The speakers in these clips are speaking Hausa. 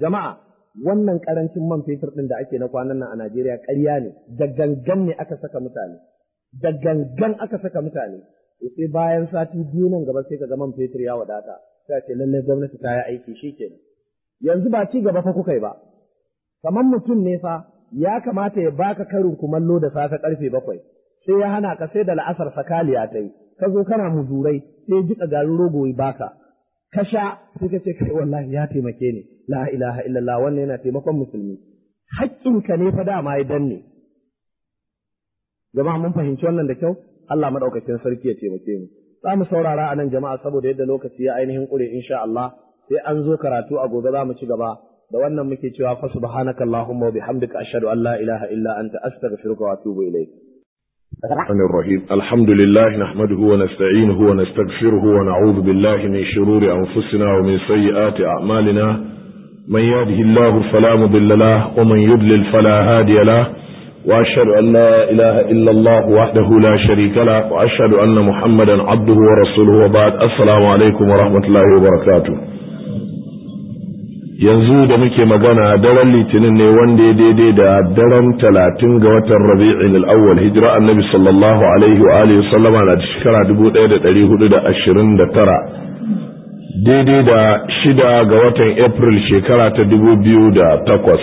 jama'a wannan karancin man fetur ɗin da ake na kwanan nan a Najeriya ƙarya ne da gangan ne aka saka mutane da gangan aka saka mutane sai bayan sati biyu nan gaba sai ka ga man fetur ya wadata sai ce lallai gwamnati ta yi aiki shikenan yanzu ba ci gaba fa kuka yi ba kamar mutum ne fa ya kamata ya baka karin kumallo da safe karfe bakwai sai ya hana ka sai da la'asar sakaliya ta yi ka zo kana muzurai sai jika garin rogo baka ka sha sai ka ce kai wallahi ya taimake ni la ilaha illallah wannan yana taimakon musulmi haƙƙinka ne fa dama ya danne jama'a mun fahimci wannan da kyau Allah madaukakin sarki ya taimake mu za mu saurara a nan jama'a saboda yadda lokaci ya ainihin ƙure insha Allah sai an zo karatu a gobe za mu ci gaba da wannan muke cewa fa subhanaka allahumma wa bihamdika ashhadu an la ilaha illa anta astaghfiruka wa atubu ilayk الرحمن الرحيم الحمد لله نحمده ونستعينه ونستغفره ونعوذ بالله من شرور أنفسنا ومن سيئات أعمالنا من يهده الله فلا مضل له ومن يضلل فلا هادي له وأشهد أن لا إله إلا الله وحده لا شريك له وأشهد أن محمدا عبده ورسوله وبعد السلام عليكم ورحمة الله وبركاته yanzu da muke magana daren litinin ne wanda ya daidai da daren talatin ga watan rabi'in al'awwal hijira annabi sallallahu alaihi wa alihi sallama na shekara tara daidai da shida ga watan april shekara ta dubu biyu da takwas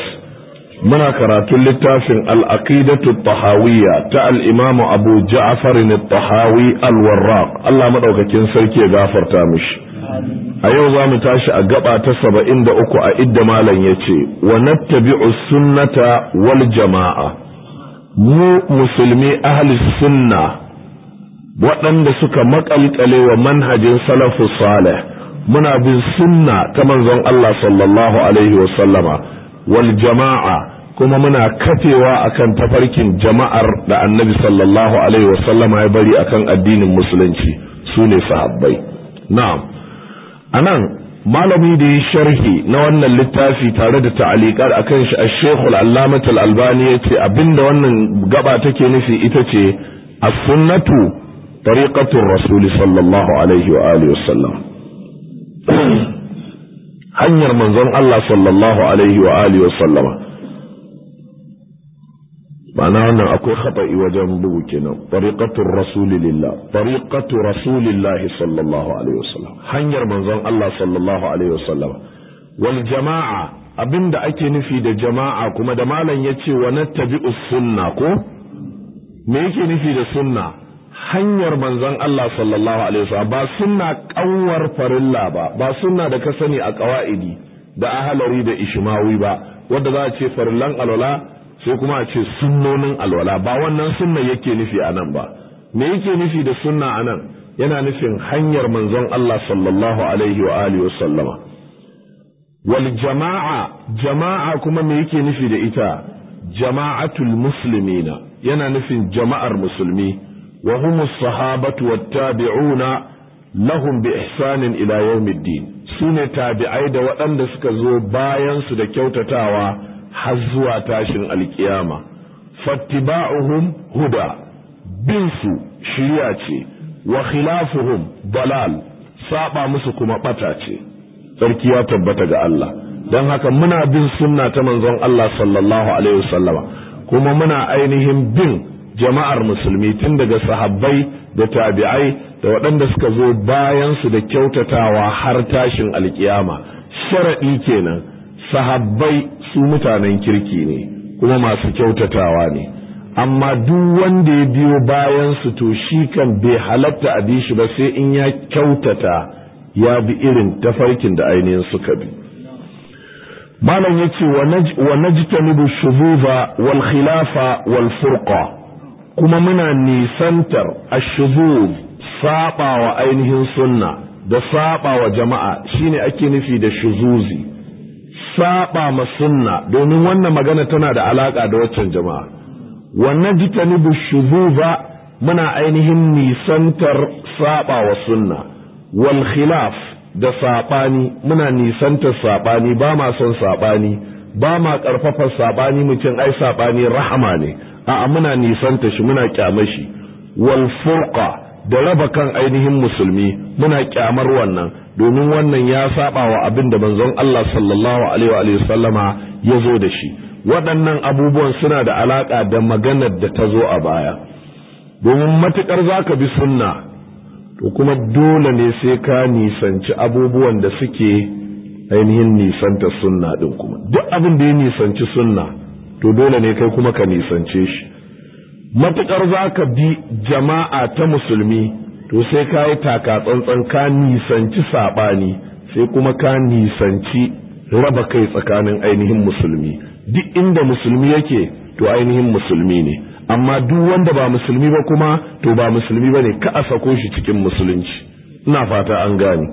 muna karatun littafin al'aqidatu tahawiyya ta al'imamu abu ja'afar tahawi alwarraq allah maɗaukakin sarki ya gafarta mishi a yau za mu tashi a gaba ta saba'in da uku a idda malam ya ce wa nattabi sunnata wal jama'a mu musulmi ahli sunna waɗanda suka maƙalƙale wa manhajin salafu salih muna bin sunna ta manzon Allah sallallahu alaihi wasallama wal jama'a kuma muna kafewa akan tafarkin jama'ar da annabi sallallahu alaihi wasallama ya bari akan addinin musulunci su ne sahabbai na'am anan malami da ya sharhi na wannan littafi tare da ta'aliƙar a kan shi a allamatul albani ya ce abinda wannan gaba take nufi ita ce as sunnatu tariqatul rasuli sallallahu alaihi wa alihi wasallam hanyar manzon Allah sallallahu alaihi wa alihi wa sallama mana wannan akwai khata'i wajen bugu kenan tariqatur rasulillah tariqatu rasulillah sallallahu alaihi wa sallam hanyar manzon Allah sallallahu alaihi wa sallama wal jama'a abinda ake nufi da jama'a kuma da malam yace wa nattabi'us sunna ko me yake nufi da sunna hanyar manzon Allah sallallahu alaihi wasallam ba sunna kanwar farilla ba ba sunna da ka sani a qawaidi da ahalari da ishmawi ba wanda za a ce farillan alwala sai kuma a ce sunnonin alwala ba wannan sunna yake nufi a nan ba me yake nufi da sunna a nan yana nufin hanyar manzon Allah sallallahu alaihi wa alihi wasallama wal jama'a jama'a kuma me yake nufi da ita jama'atul muslimina yana nufin jama'ar musulmi wa hum sahabatu wat-tabi'una lahum bi ihsanin ila yawmiddin sune tabi'ai da waɗanda suka zo bayan su da kyautatawa har zuwa tashin alkiyama fattiba'uhum huda bin su shiriya ce wa khilafuhum dalal saba musu kuma ɓata ce sarki ya tabbata ga Allah don haka muna bin sunna ta manzon Allah sallallahu alaihi kuma muna ainihin bin jama'ar musulmi tun daga sahabbai da tabi'ai da waɗanda suka zo bayan su da kyautatawa har tashin alkiyama sharaɗi kenan sahabbai su mutanen kirki ne kuma masu kyautatawa ne amma duk wanda ya biyo bayansu to shi kan bai halatta a bi shi ba sai in ya kyautata ya bi irin tafarkin da ainihin suka bi malam yace wa najtanibu shuzuba wal khilafa wal furqa kuma muna nisantar ashubuz saba wa ainihin sunna da saba wa jama'a shine ake nufi da shuzuzi saba ma sunna domin wannan magana tana da alaka da waccan jama'a wannan bu shububa muna ainihin nisantar saba wa sunna wal khilaf da sabani muna nisantar sabani ba ma son sabani ba ma ƙarfafar sabani mutum ai sabani rahama ne a'a muna nisanta shi muna kyamar shi wal furqa da raba kan ainihin musulmi muna kyamar wannan domin wannan ya saba wa abin da manzon Allah sallallahu alaihi wa sallama ya zo da shi waɗannan abubuwan suna da alaƙa da maganar da ta zo a baya domin matukar zaka bi sunna to kuma dole ne sai ka nisanci abubuwan da suke ainihin nisanta sunna din kuma duk abin da ya nisanci sunna to dole ne kai kuma ka nisance shi matuƙar za ka bi jama'a ta musulmi to sai ka yi taka tsantsan ka nisanci saɓani sai kuma ka nisanci raba kai tsakanin ainihin musulmi duk inda musulmi yake to ainihin musulmi ne amma duk wanda ba musulmi ba kuma to ba musulmi ba ne ka a sako shi cikin musulunci ina fata an gane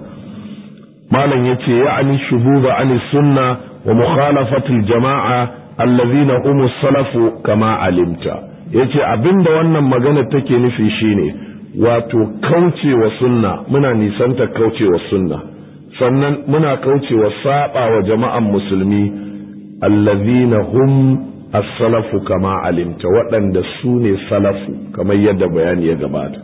malam yace ya'ani shububa ani sunna wa mukhalafatul jama'a allazina hum salafu kama alimta yace abinda wannan magana take nufi shine wato kaucewa sunna muna nisanta kaucewa sunna sannan muna kaucewa saba wa jama'an musulmi allazina hum as-salafu kama alimta waɗanda su ne salafu kamar yadda bayani ya gabata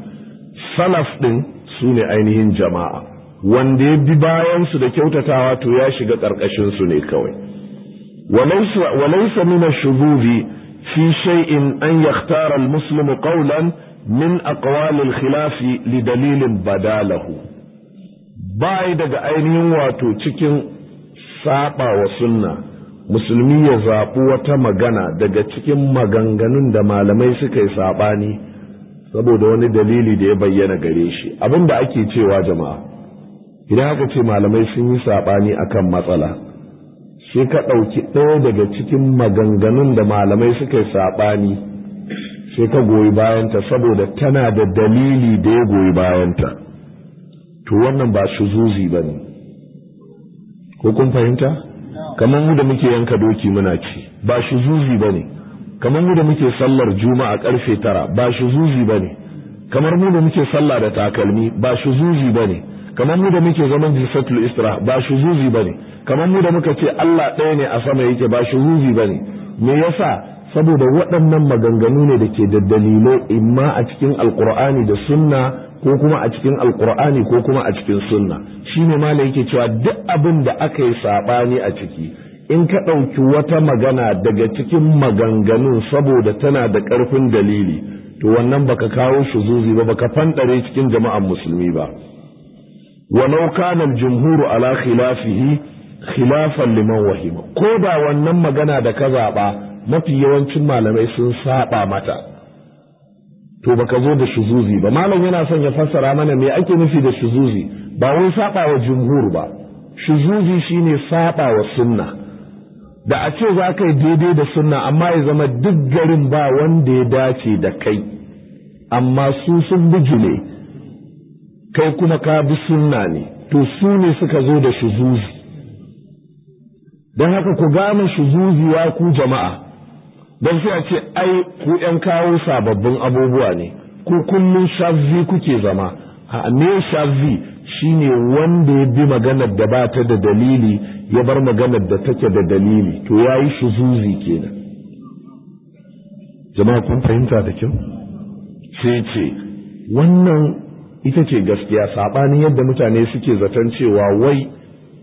salaf din su ne ainihin jama'a wanda ya bi bayansu da kyautatawa to ya shiga ƙarƙashin su ne kawai walaisa min shububi fi shay'in an yakhtara al-muslim qawlan min aqwal al-khilaf li dalilin badalahu bai daga ainihin wato cikin saba wa sunna musulmi ya zaɓi wata magana daga cikin maganganun da malamai suka yi saɓani saboda wani dalili da ya bayyana gare shi abin da ake cewa jama'a idan aka ce malamai sun yi saɓani akan matsala sai ka ɗauki ɗaya daga cikin maganganun da malamai suka yi saɓani sai ka goyi bayanta saboda tana da dalili da ya goyi bayanta to wannan ba su zuzi ba ne ko kun fahimta kamar mu da muke yanka doki muna ci ba shi zuzi ba ne kamar mu da muke sallar juma'a karfe tara ba shi zuzi ba ne kamar mu da muke sallah da takalmi ba shi zuzi ba ne kamar mu da muke zaman jisatul isra ba shuzuzi bane kamar mu da muka ce Allah ɗaya ne a sama yake ba shuzuzi bane me yasa saboda waɗannan maganganu ne da ke da dalilai imma a cikin alqur'ani da sunna ko kuma a cikin alqur'ani ko kuma a cikin sunna shine malai yake cewa duk abin da aka yi sabani a ciki in ka ɗauki wata magana daga cikin maganganun saboda tana da ƙarfin dalili to wannan baka kawo shuzuzi ba baka fanɗare cikin jama'an musulmi ba ولو كان الجمهور على خلافه خلافا لمن وهم wahima ko wannan magana da ka zaba mafi yawancin malamai sun saba mata to baka zo da shuzuzi ba malam yana son ya fassara mana me ake nufi da shuzuzi ba wai saba wa jumhur ba shuzuzi shine saba wa sunna da a ce za ka daidai da sunna amma ya zama duk garin ba wanda ya dace da kai amma su sun ne. kai kuma ka bi sunna ne to su ne suka zo da shuzuzi don haka ku gane shuzuzi wa ku jama'a don sai a ce ai ku yan kawo sababbin abubuwa ne ku kullum shazzi kuke zama a ne shazzi shine wanda ya bi maganar da ba ta da dalili ya bar maganar da take da dalili to ya yi shuzuzi kenan jama'a kun fahimta da kyau sai ce wannan ita ce gaskiya saɓanin yadda mutane suke zaton cewa wai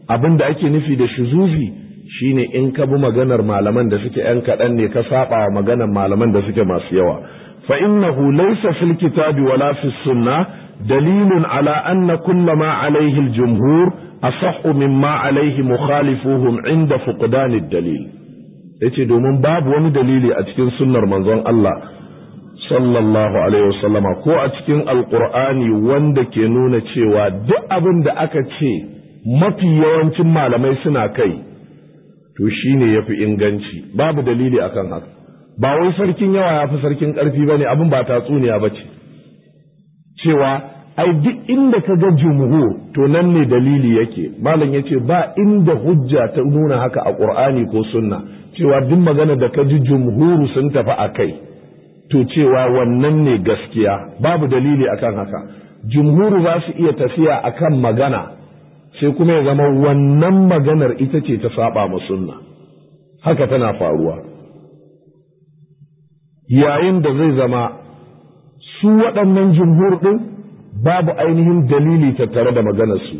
abin da ake nufi da shuzuzi shine in ka bi maganar malaman da suke ‘yan kaɗan ne ka saɓa wa maganar malaman da suke masu yawa fa innahu laysa fil kitabi wala fi sunna dalilun ala anna kulla ma alaihi al jumhur asahhu mimma alaihi mukhalifuhum inda fuqdan ad dalil yace domin babu wani dalili a cikin sunnar manzon Allah sallallahu alaihi wasallama ko a cikin alkur'ani wanda ke nuna cewa duk abin da aka ce mafi yawancin malamai suna kai to shine yafi inganci babu dalili akan haka ba wai sarkin yawa ya fi sarkin karfi ba ne abin ba tatsuniya ba ce cewa ai duk inda ka ga jumhu to nan ne dalili yake malam ya ce ba inda hujja ta nuna haka a ƙur'ani ko sunna cewa duk magana da ka ji jumhuru sun tafi a kai to cewa wannan ne gaskiya babu dalili akan haka jumhuru za su iya tafiya akan magana sai kuma ya zama wannan maganar ita ce ta saba mu sunna haka tana faruwa yayin da zai zama su waɗannan jumhur ɗin babu ainihin dalili tattare da maganarsu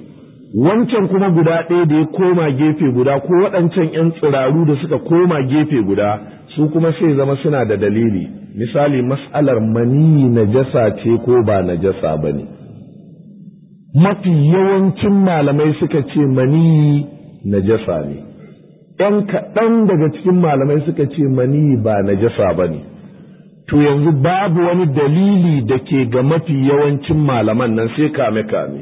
wancan kuma guda ɗaya da ya koma gefe guda ko waɗancan 'yan tsiraru da suka koma gefe guda su kuma sai zama suna da dalili misali mas'alar mani najasa ce ko ba najasa ba ne mafi yawancin malamai suka ce mani najasa ne ‘yan kaɗan daga cikin malamai suka ce mani ba najasa ba ne to yanzu babu wani dalili da ke ga mafi yawancin malaman nan sai kame-kame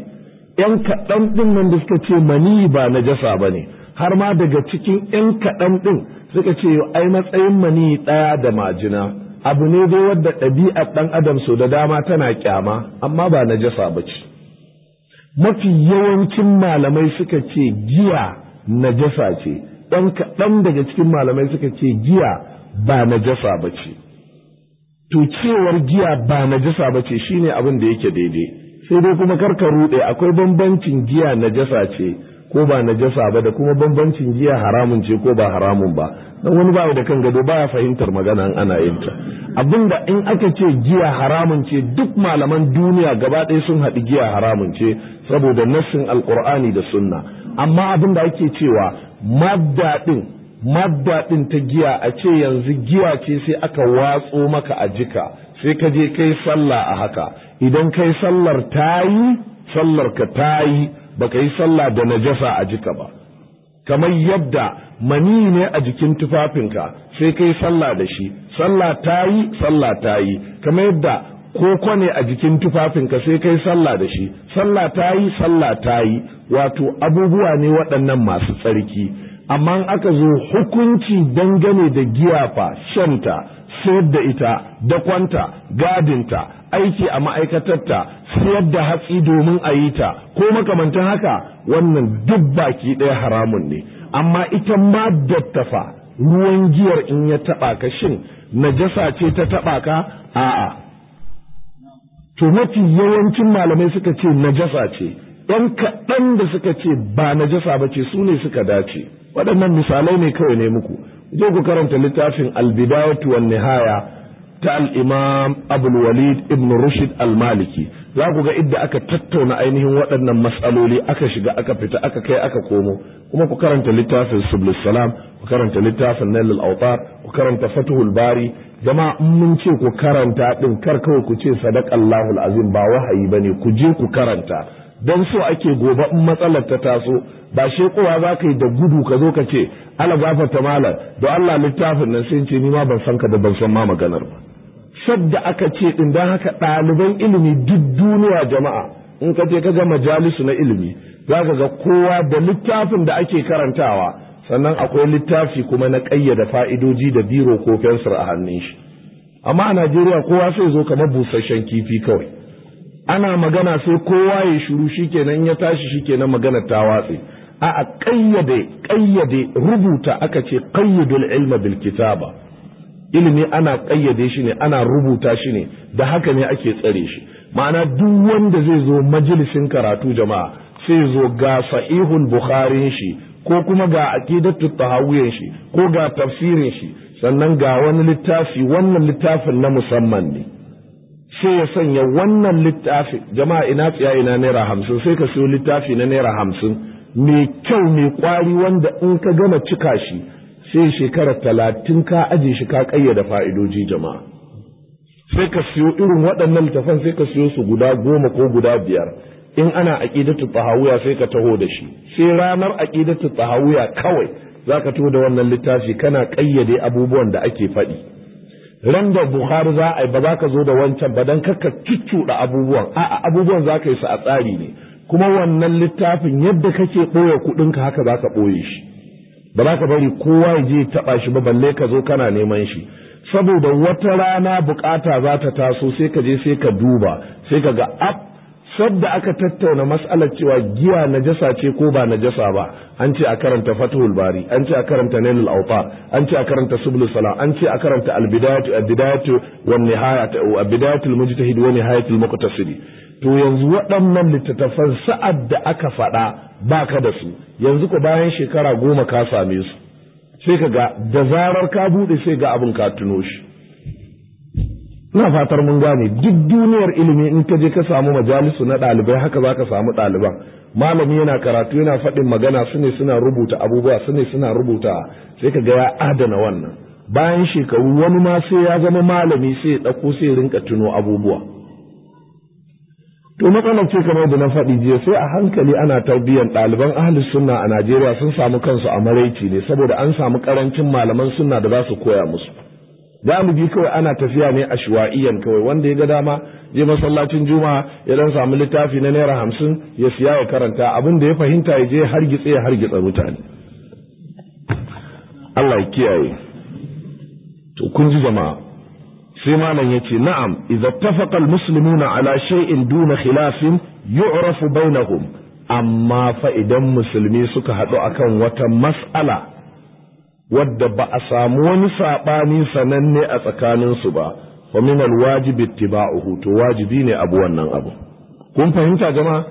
‘yan kaɗan ɗin nan da suka ce mani ba najasa ba ne har ma daga cikin ‘yan kaɗan ɗin suka ce ai matsayin mani ɗaya da majina abu ne dai wadda ɗabi'ar ɗan adam so da dama tana kyama amma ba najasa ba ce mafi yawancin malamai suka ce giya najasa ce ɗan kaɗan daga cikin malamai suka ce giya ba najasa ba ce to cewar giya ba najasa ba ce shine abin da yake daidai sai dai kuma karka ruɗe akwai bambancin giya najasa ce ko ba najasa ba da kuma bambancin giya haramun ce ko ba haramun ba dan wani ba da kan gado baya fahimtar magana an ana yin ta abinda in aka ce giya haramun ce duk malaman duniya gaba ɗaya sun haɗi giya haramun ce saboda nassin alqur'ani da sunna amma abinda ake cewa madda din madda din ta giya a ce yanzu giya ce sai aka watso maka a jika sai ka je kai sallah a haka idan kai sallar tayi sallar ka tayi. baka yi sallah da najasa a jika ba kamar yadda mani ne a jikin tufafinka sai kai sallah da shi sallah ta yi sallah ta yi kamar yadda koko ne a jikin tufafinka sai kai sallah da shi sallah ta yi sallah ta yi wato abubuwa ne waɗannan masu tsarki amma aka zo hukunci dangane da giyafa shanta sayar da ita dakwanta gadinta aiki a ma'aikatarta siyar da hatsi domin a yi ta ko makamantan haka wannan duk baki ɗaya haramun ne amma ita ma dattafa ruwan giyar in ya taɓa ka shin najasa ce ta taɓa ka a'a to mafi yawancin malamai suka ce najasa ce ɗan kaɗan da suka ce ba najasa ba ce su ne suka dace waɗannan misalai ne kawai ne muku je ku karanta littafin albidawatu wa nihaya ta al-imam walid ibn rushd al-maliki za ku ga idda aka tattauna ainihin waɗannan matsaloli aka shiga aka fita aka kai aka komo kuma ku karanta littafin sublis salam ku karanta littafin nailul autar ku karanta fatuhul bari zama in mun ce ku karanta din kar kawai ku ce sadaqallahu azim ba wahayi bane ku je ku karanta don so ake gobe in matsalar ta taso ba kowa za ka yi da gudu ka zo ka ce ala ta malam da Allah littafin nan sai ce ni ma ban san ka da ban san ma maganar ba da aka ce din dan haka ɗaliban ilimi duk duniya jama'a in ka je ka ga majalisu na ilimi za ka ga kowa da littafin da ake karantawa sannan akwai littafi kuma na ƙayyada fa'idoji da biro ko fensir a hannun shi amma a najeriya kowa sai zo kamar busasshen kifi kawai ana magana sai kowa ya shiru shikenan ya tashi shi shikenan magana ta watsi. a kayyade kayyade rubuta aka ce qayyidul ilma bil kitaba ilimi ana kayyade shi ne ana rubuta shi ne da haka ne ake tsare shi ma'ana duk wanda zai zo majalisin karatu jama'a sai zo ga sahihul bukharin shi ko kuma ga aqidatut tahawiyyan shi ko ga tafsirin shi sannan ga wani littafi wannan littafin na musamman ne sai ya sanya wannan littafi jama'a ina tsaya ina naira hamsin sai ka siyo littafi na naira hamsin mai kyau mai kwari wanda in ka gama cika shi sai shekara talatin ka aje shi ka kayyada fa'idoji jama'a sai ka siyo irin waɗannan littafan sai ka siyo su guda goma ko guda biyar in ana aqidatu tahawuya sai ka taho da shi sai ranar aqidatu tahawuya kawai zaka taho da wannan littafi kana kayyade abubuwan da ake faɗi ran da bukhari za a yi ba za ka zo da wancan ba don kakka cuccuɗa abubuwan a'a abubuwan za ka yi su a tsari ne kuma wannan littafin yadda kake ɓoye kuɗinka haka za ka ɓoye shi ba za ka bari kowa ya je taɓa shi ba balle ka zo kana neman shi saboda wata rana bukata za ta taso sai ka je sai ka duba sai ka ga sadda aka tattauna mas'alar cewa giya najasa ce ko ba najasa ba an ce a karanta fatuhul bari an ce a karanta nailul awtar an ce a karanta sublu sala an ce a karanta al bidayatu al wan nihayatu al bidayatul mujtahid wa nihayatul muqtasid to yanzu waɗannan littattafan sa'ad da aka faɗa baka da su yanzu ko bayan shekara goma ka same su sai ka da zarar ka bude sai ga abin ka tuno shi na fatar mun gane duk duniyar ilimi in ka je ka samu majalisu na ɗalibai haka za ka samu ɗaliban malami yana karatu yana faɗin magana su ne suna rubuta abubuwa su ne suna rubuta sai ka ga ya adana wannan bayan shekaru wani ma sai ya zama malami sai ya ɗauko sai rinka tuno abubuwa to matsalar ce kamar da na faɗi jiya sai a hankali ana tarbiyyar ɗaliban ahli sunna a najeriya sun samu kansu a maraici ne saboda an samu ƙarancin malaman sunna da za su koya musu mu bi kawai ana tafiya ne a shuwa'iyan kawai wanda ya ga dama je masallacin juma'a ya dan samu littafi na naira hamsin ya siya ya karanta abin da ya fahimta ya je hargitse ya hargitsa mutane Allah ya kiyaye to kun ji jama'a sai malam yace na'am idza tafaqa almuslimuna ala shay'in duna khilafin yu'rafu bainahum amma fa idan musulmi suka haɗu akan wata mas'ala wadda ba a samu wani saɓani sananne a tsakaninsu ba fa min alwajib ittiba'uhu to wajibi ne abu wannan abu kun fahimta jama'a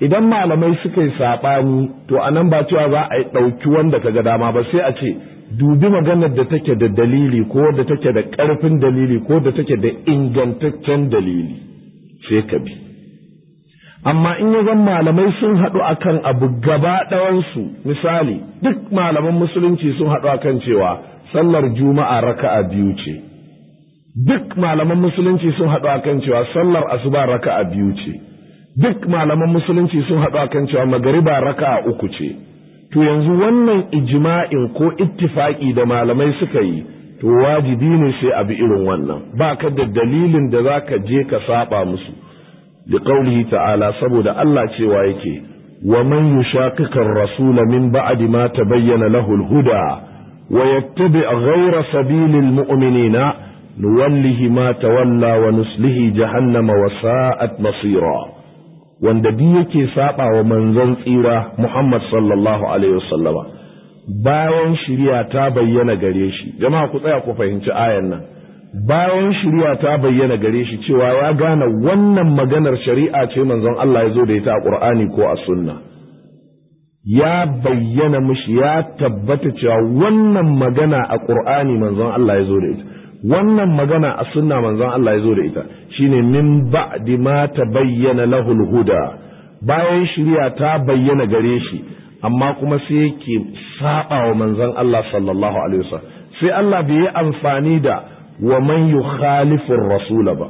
idan malamai suka yi saɓani to anan ba cewa za a ɗauki wanda ka ga dama ba sai a ce dubi maganar da take da dalili ko da take da ƙarfin dalili ko da take da ingantaccen dalili sai ka bi amma in ya zan malamai sun haɗu akan abu gaba ɗawansu misali duk malaman musulunci sun haɗu akan cewa sallar juma'a raka'a biyu ce duk malaman musulunci sun haɗu akan cewa sallar asuba raka'a biyu ce duk malaman musulunci sun haɗu akan cewa magariba raka'a uku ce to yanzu wannan ijima'in ko ittifaki da malamai suka yi to wajibi ne sai abi irin wannan ba ka da dalilin da za ka je ka saba musu liqaulihi ta'ala saboda Allah cewa yake wa man rasu la min ba'di ma tabayyana lahu al-huda wa yattabi' ghayra sabilil mu'minina nuwallihi ma tawalla wa nuslihi jahannama wa sa'at masira wanda biyu yake saɓa wa manzon tsira Muhammad sallallahu alaihi wasallama bayan shiriya ta bayyana gare shi jama'a ku tsaya ku fahimci ayan nan bayan shari'a ta bayyana gare shi cewa ya gane wannan maganar shari'a ce manzon Allah ya zo da ita a Qur'ani ko a sunna ya bayyana mishi ya tabbata cewa wannan magana a Qur'ani manzon Allah ya zo da ita wannan magana a sunna manzon Allah ya zo da ita shine min ba'di ma tabayyana lahul huda bayan shari'a ta bayyana gare shi amma kuma sai yake saba wa manzon Allah sallallahu alaihi wasallam sai Allah bai yi amfani da wa man yukhalifur rasula ba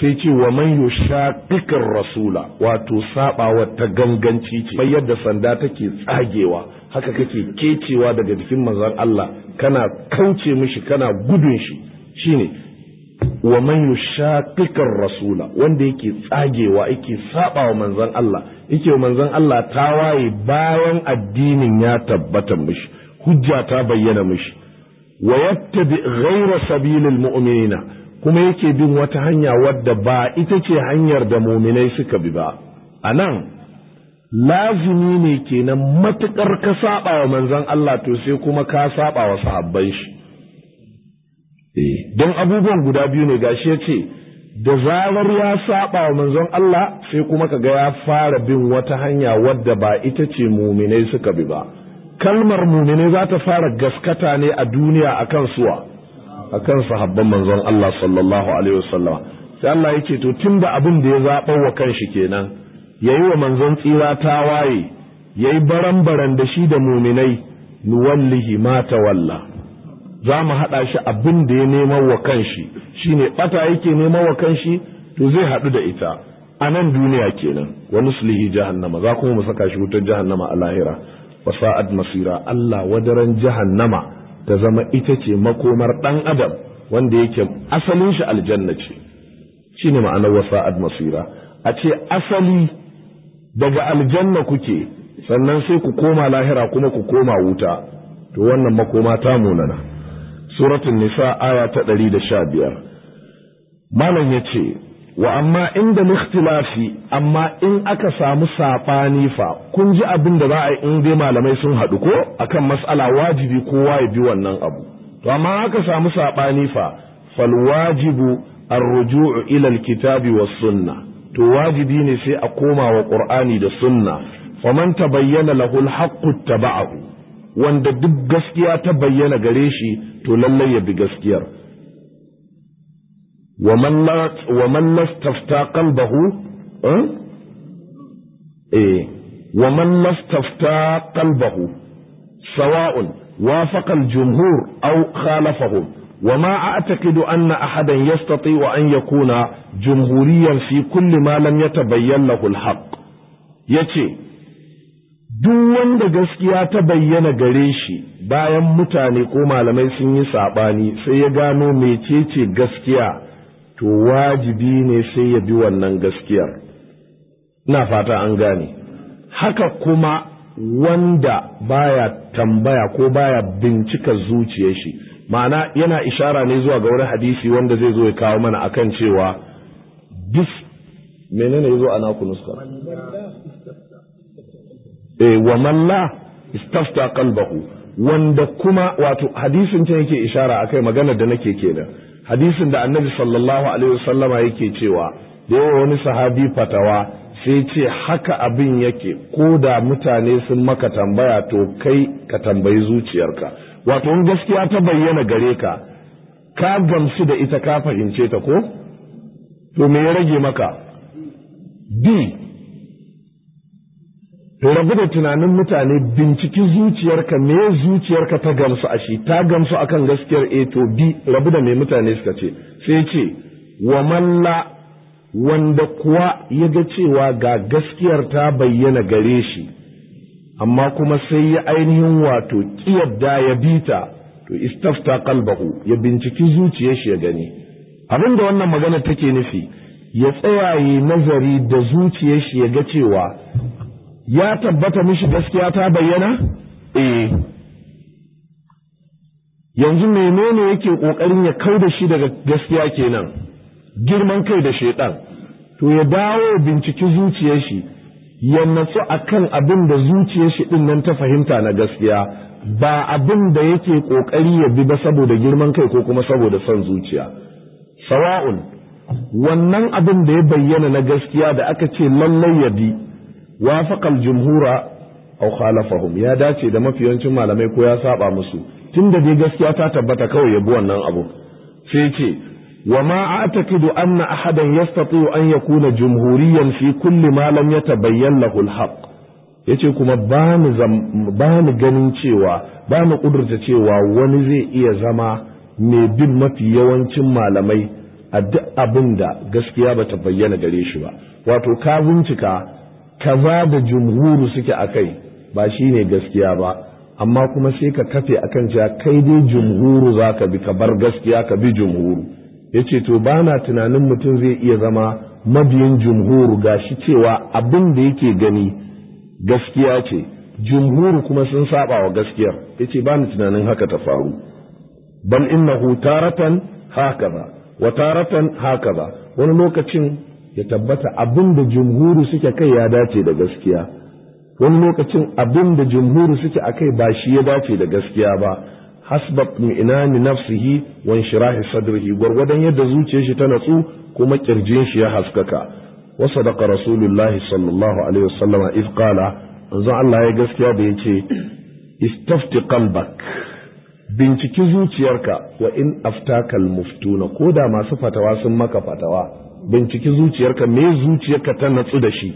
sai ce wa man yushaqiqir rasula wato sabawa ta ganganci ce bai yadda sanda take tsagewa haka kake kecewa daga jikin manzon Allah kana kauce mishi kana gudun shi shine wa man yushaqiqir rasula wanda yake tsagewa yake sabawa manzon Allah yake manzon Allah ta waye bayan addinin ya tabbata mishi hujja ta bayyana mishi wa yattabi ghayra sabilin mu'minina kuma yake bin wata hanya wadda ba ita ce hanyar da muminai suka bi ba anan lazimi ne kenan matuƙar ka saba wa manzon Allah to sai kuma ka saba wa sahabban shi eh, don abubuwan guda biyu ne gashi yace da zarar ya saba wa manzon Allah sai kuma kaga ya fara bin wata hanya wadda ba ita ce muminai suka bi ba kalmar mumine za ta fara gaskata ne a duniya akan suwa kan sahabban manzon Allah sallallahu alaihi wasallam sai Allah ce to tun da abin da ya zaɓa wa kanshi kenan ya yi wa manzon tsira ta waye ya yi baran-baran da shi da muminai nuwallihi ma walla. za mu haɗa shi abin da ya neman wa kanshi ne ɓata yake neman wa kanshi to zai haɗu da ita a nan duniya kenan wa nuslihi jahannama za kuma mu saka shi wutar jahannama a lahira wa sa'ad masira Allah wadaran jahannama ta zama ita ce makomar ɗan adam wanda yake asalin shi aljanna ce shine ma'anar wa masira a ce asali daga aljanna kuke sannan sai ku koma lahira kuma ku koma wuta to wannan makoma ta munana suratul nisa aya ta 115 malam yace wa amma inda ikhtilafi amma in aka samu saɓani fa kun ji abin da za a in dai malamai sun haɗu ko akan mas'ala wajibi kowa ya bi wannan abu to amma aka samu saɓani fa fal wajibu ar-ruju'u ila al-kitabi was sunna to wajibi ne sai a koma wa qur'ani da sunna man tabayyana lahu al-haqqu taba'ahu wanda duk gaskiya ta bayyana gare shi to lallai ya bi gaskiyar wa man nastafta قلبه eh wa man nastafta قلبه sawa'un وافق الجمهور jumhur aw وما أعتقد أن أحدا يستطيع أن يكون جمهوريا في كل ما لم يتبين له الحق يتي duk wanda gaskiya ta bayyana gare shi bayan mutane ko malamai sun yi saɓani sai ya gano mecece gaskiya to wajibi ne sai ya bi wannan gaskiyar ina fata an gane haka kuma wanda baya tambaya ko baya bincika zuciyar shi ma'ana yana ishara ne zuwa ga wani hadisi wanda zai zo ya kawo mana akan cewa bis menene yazo ana ku nuska eh wa malla istafta qalbahu wanda kuma wato hadisin ta yake ishara akai maganar da nake kenan hadisin da annabi sallallahu alaihi wasallama yake cewa da yawa wani sahabi fatawa sai ce haka abin yake ko da mutane sun maka tambaya to kai ka tambayi zuciyarka wato in gaskiya ta bayyana gare ka ka gamsu da ita ka fahimce ta ko to me ya rage maka bi rabu da tunanin mutane binciki zuciyarka me zuciyarka ta gamsu a shi ta gamsu a kan gaskiyar a to b rabu da mai mutane suka ce sai ce wa malla wanda kuwa ya ga cewa ga gaskiyar ta bayyana gare shi amma kuma sai ya ainihin wato da ya bi ta, to istafta kalbahu ya binciki zuciyar shi ya gani abin da wannan magana take nufi ya tsayaye nazari da zuciyar shi ya ga cewa ya tabbata mishi gaskiya ta bayyana eh yanzu menene yake ƙoƙarin ya kau da shi daga gaskiya kenan girman kai da shaiɗan to ya dawo binciki zuciyar shi ya natsu akan abin da zuciyar shi ɗin nan ta fahimta na gaskiya ba abin da yake ƙoƙari ya bi ba saboda girman kai ko kuma saboda son zuciya sawa'un wannan abin da ya bayyana na gaskiya da aka ce lallai ya bi wafaqal jumhura aw khalafahum ya dace da mafiyancin malamai ko ya saɓa musu tunda dai gaskiya ta tabbata kawai ya wannan abu Sa ce wa ma a'taqidu anna ahadan yastati'u an yakuna jumhuriyan fi kulli ma lam yatabayyan lahu al yace kuma ba ni ganin cewa ba ni kudurta cewa wani zai iya zama mai bin mafi yawancin malamai a duk abin da gaskiya ba ta bayyana gare shi ba wato ka bincika kaza da jumhuru suke a kai ba shi ne gaskiya ba amma kuma sai ka kafe akan cewa kai dai jumhuru za ka bi ka bar gaskiya ka bi jumhuru ya ce to ba na tunanin mutum zai iya zama mabiyin jumhuru ga shi cewa abin da yake gani gaskiya ce jumhuru kuma sun saba wa gaskiyar ya ce ba ni tunanin haka ta faru bal innahu taratan hakaza wa taratan hakaza wani lokacin ya tabbata abin da jumhuru suke kai ya dace da gaskiya wani lokacin abin da jumhuru suke a kai ba shi ya dace da gaskiya ba hasbab mu'inani nafsihi wa inshirahi sadrihi gwargwadon yadda zuciyar shi ta natsu kuma kirjin shi ya haskaka wa sadaqa rasulullahi sallallahu alaihi wasallam iz qala manzon Allah ya gaskiya da yace istafti qalbak binciki zuciyarka wa in aftakal muftuna ko da masu fatawa sun maka fatawa binciki zuciyarka me zuciyarka ta natsu da shi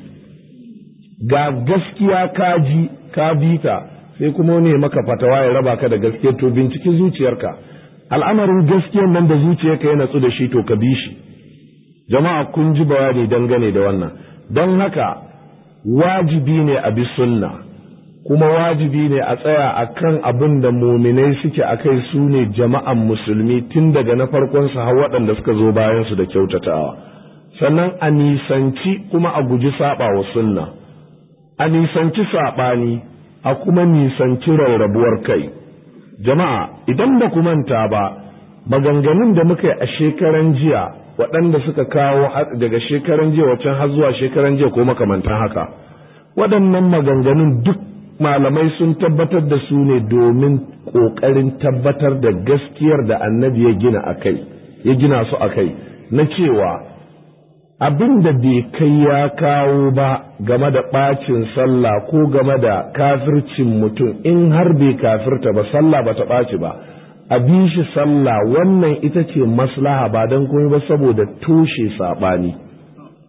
ga gaskiya ka ji ka bi sai kuma ne maka fatawa ya raba ka da gaskiya to binciki zuciyarka al'amarin gaskiyan nan da zuciyarka ya natsu da shi to ka bi shi jama'a kun ji bayani dangane da wannan don haka wajibi ne a bi sunna kuma wajibi ne a tsaya a kan abin da muminai suke a kai su ne jama'an musulmi tun daga na farkonsu har waɗanda suka zo bayansu da kyautatawa sannan a nisanci kuma a guji saba wa sunna a nisanci saɓani a kuma nisanci rarrabuwar kai jama'a idan ba ku manta ba maganganun da muka yi a shekaran jiya waɗanda suka kawo daga shekaran jiya wacan har zuwa shekaran jiya ko makamantan haka waɗannan maganganun duk malamai sun tabbatar da su ne domin ƙoƙarin tabbatar da gaskiyar da annabi ya gina su a kai na cewa abin da bai kai ya kawo ba game da ɓacin sallah ko game da kafircin mutum in har bai kafirta ba sallah ba ta ɓaci ba a bi shi sallah wannan ita ce maslaha ba don komai ba saboda toshe saɓani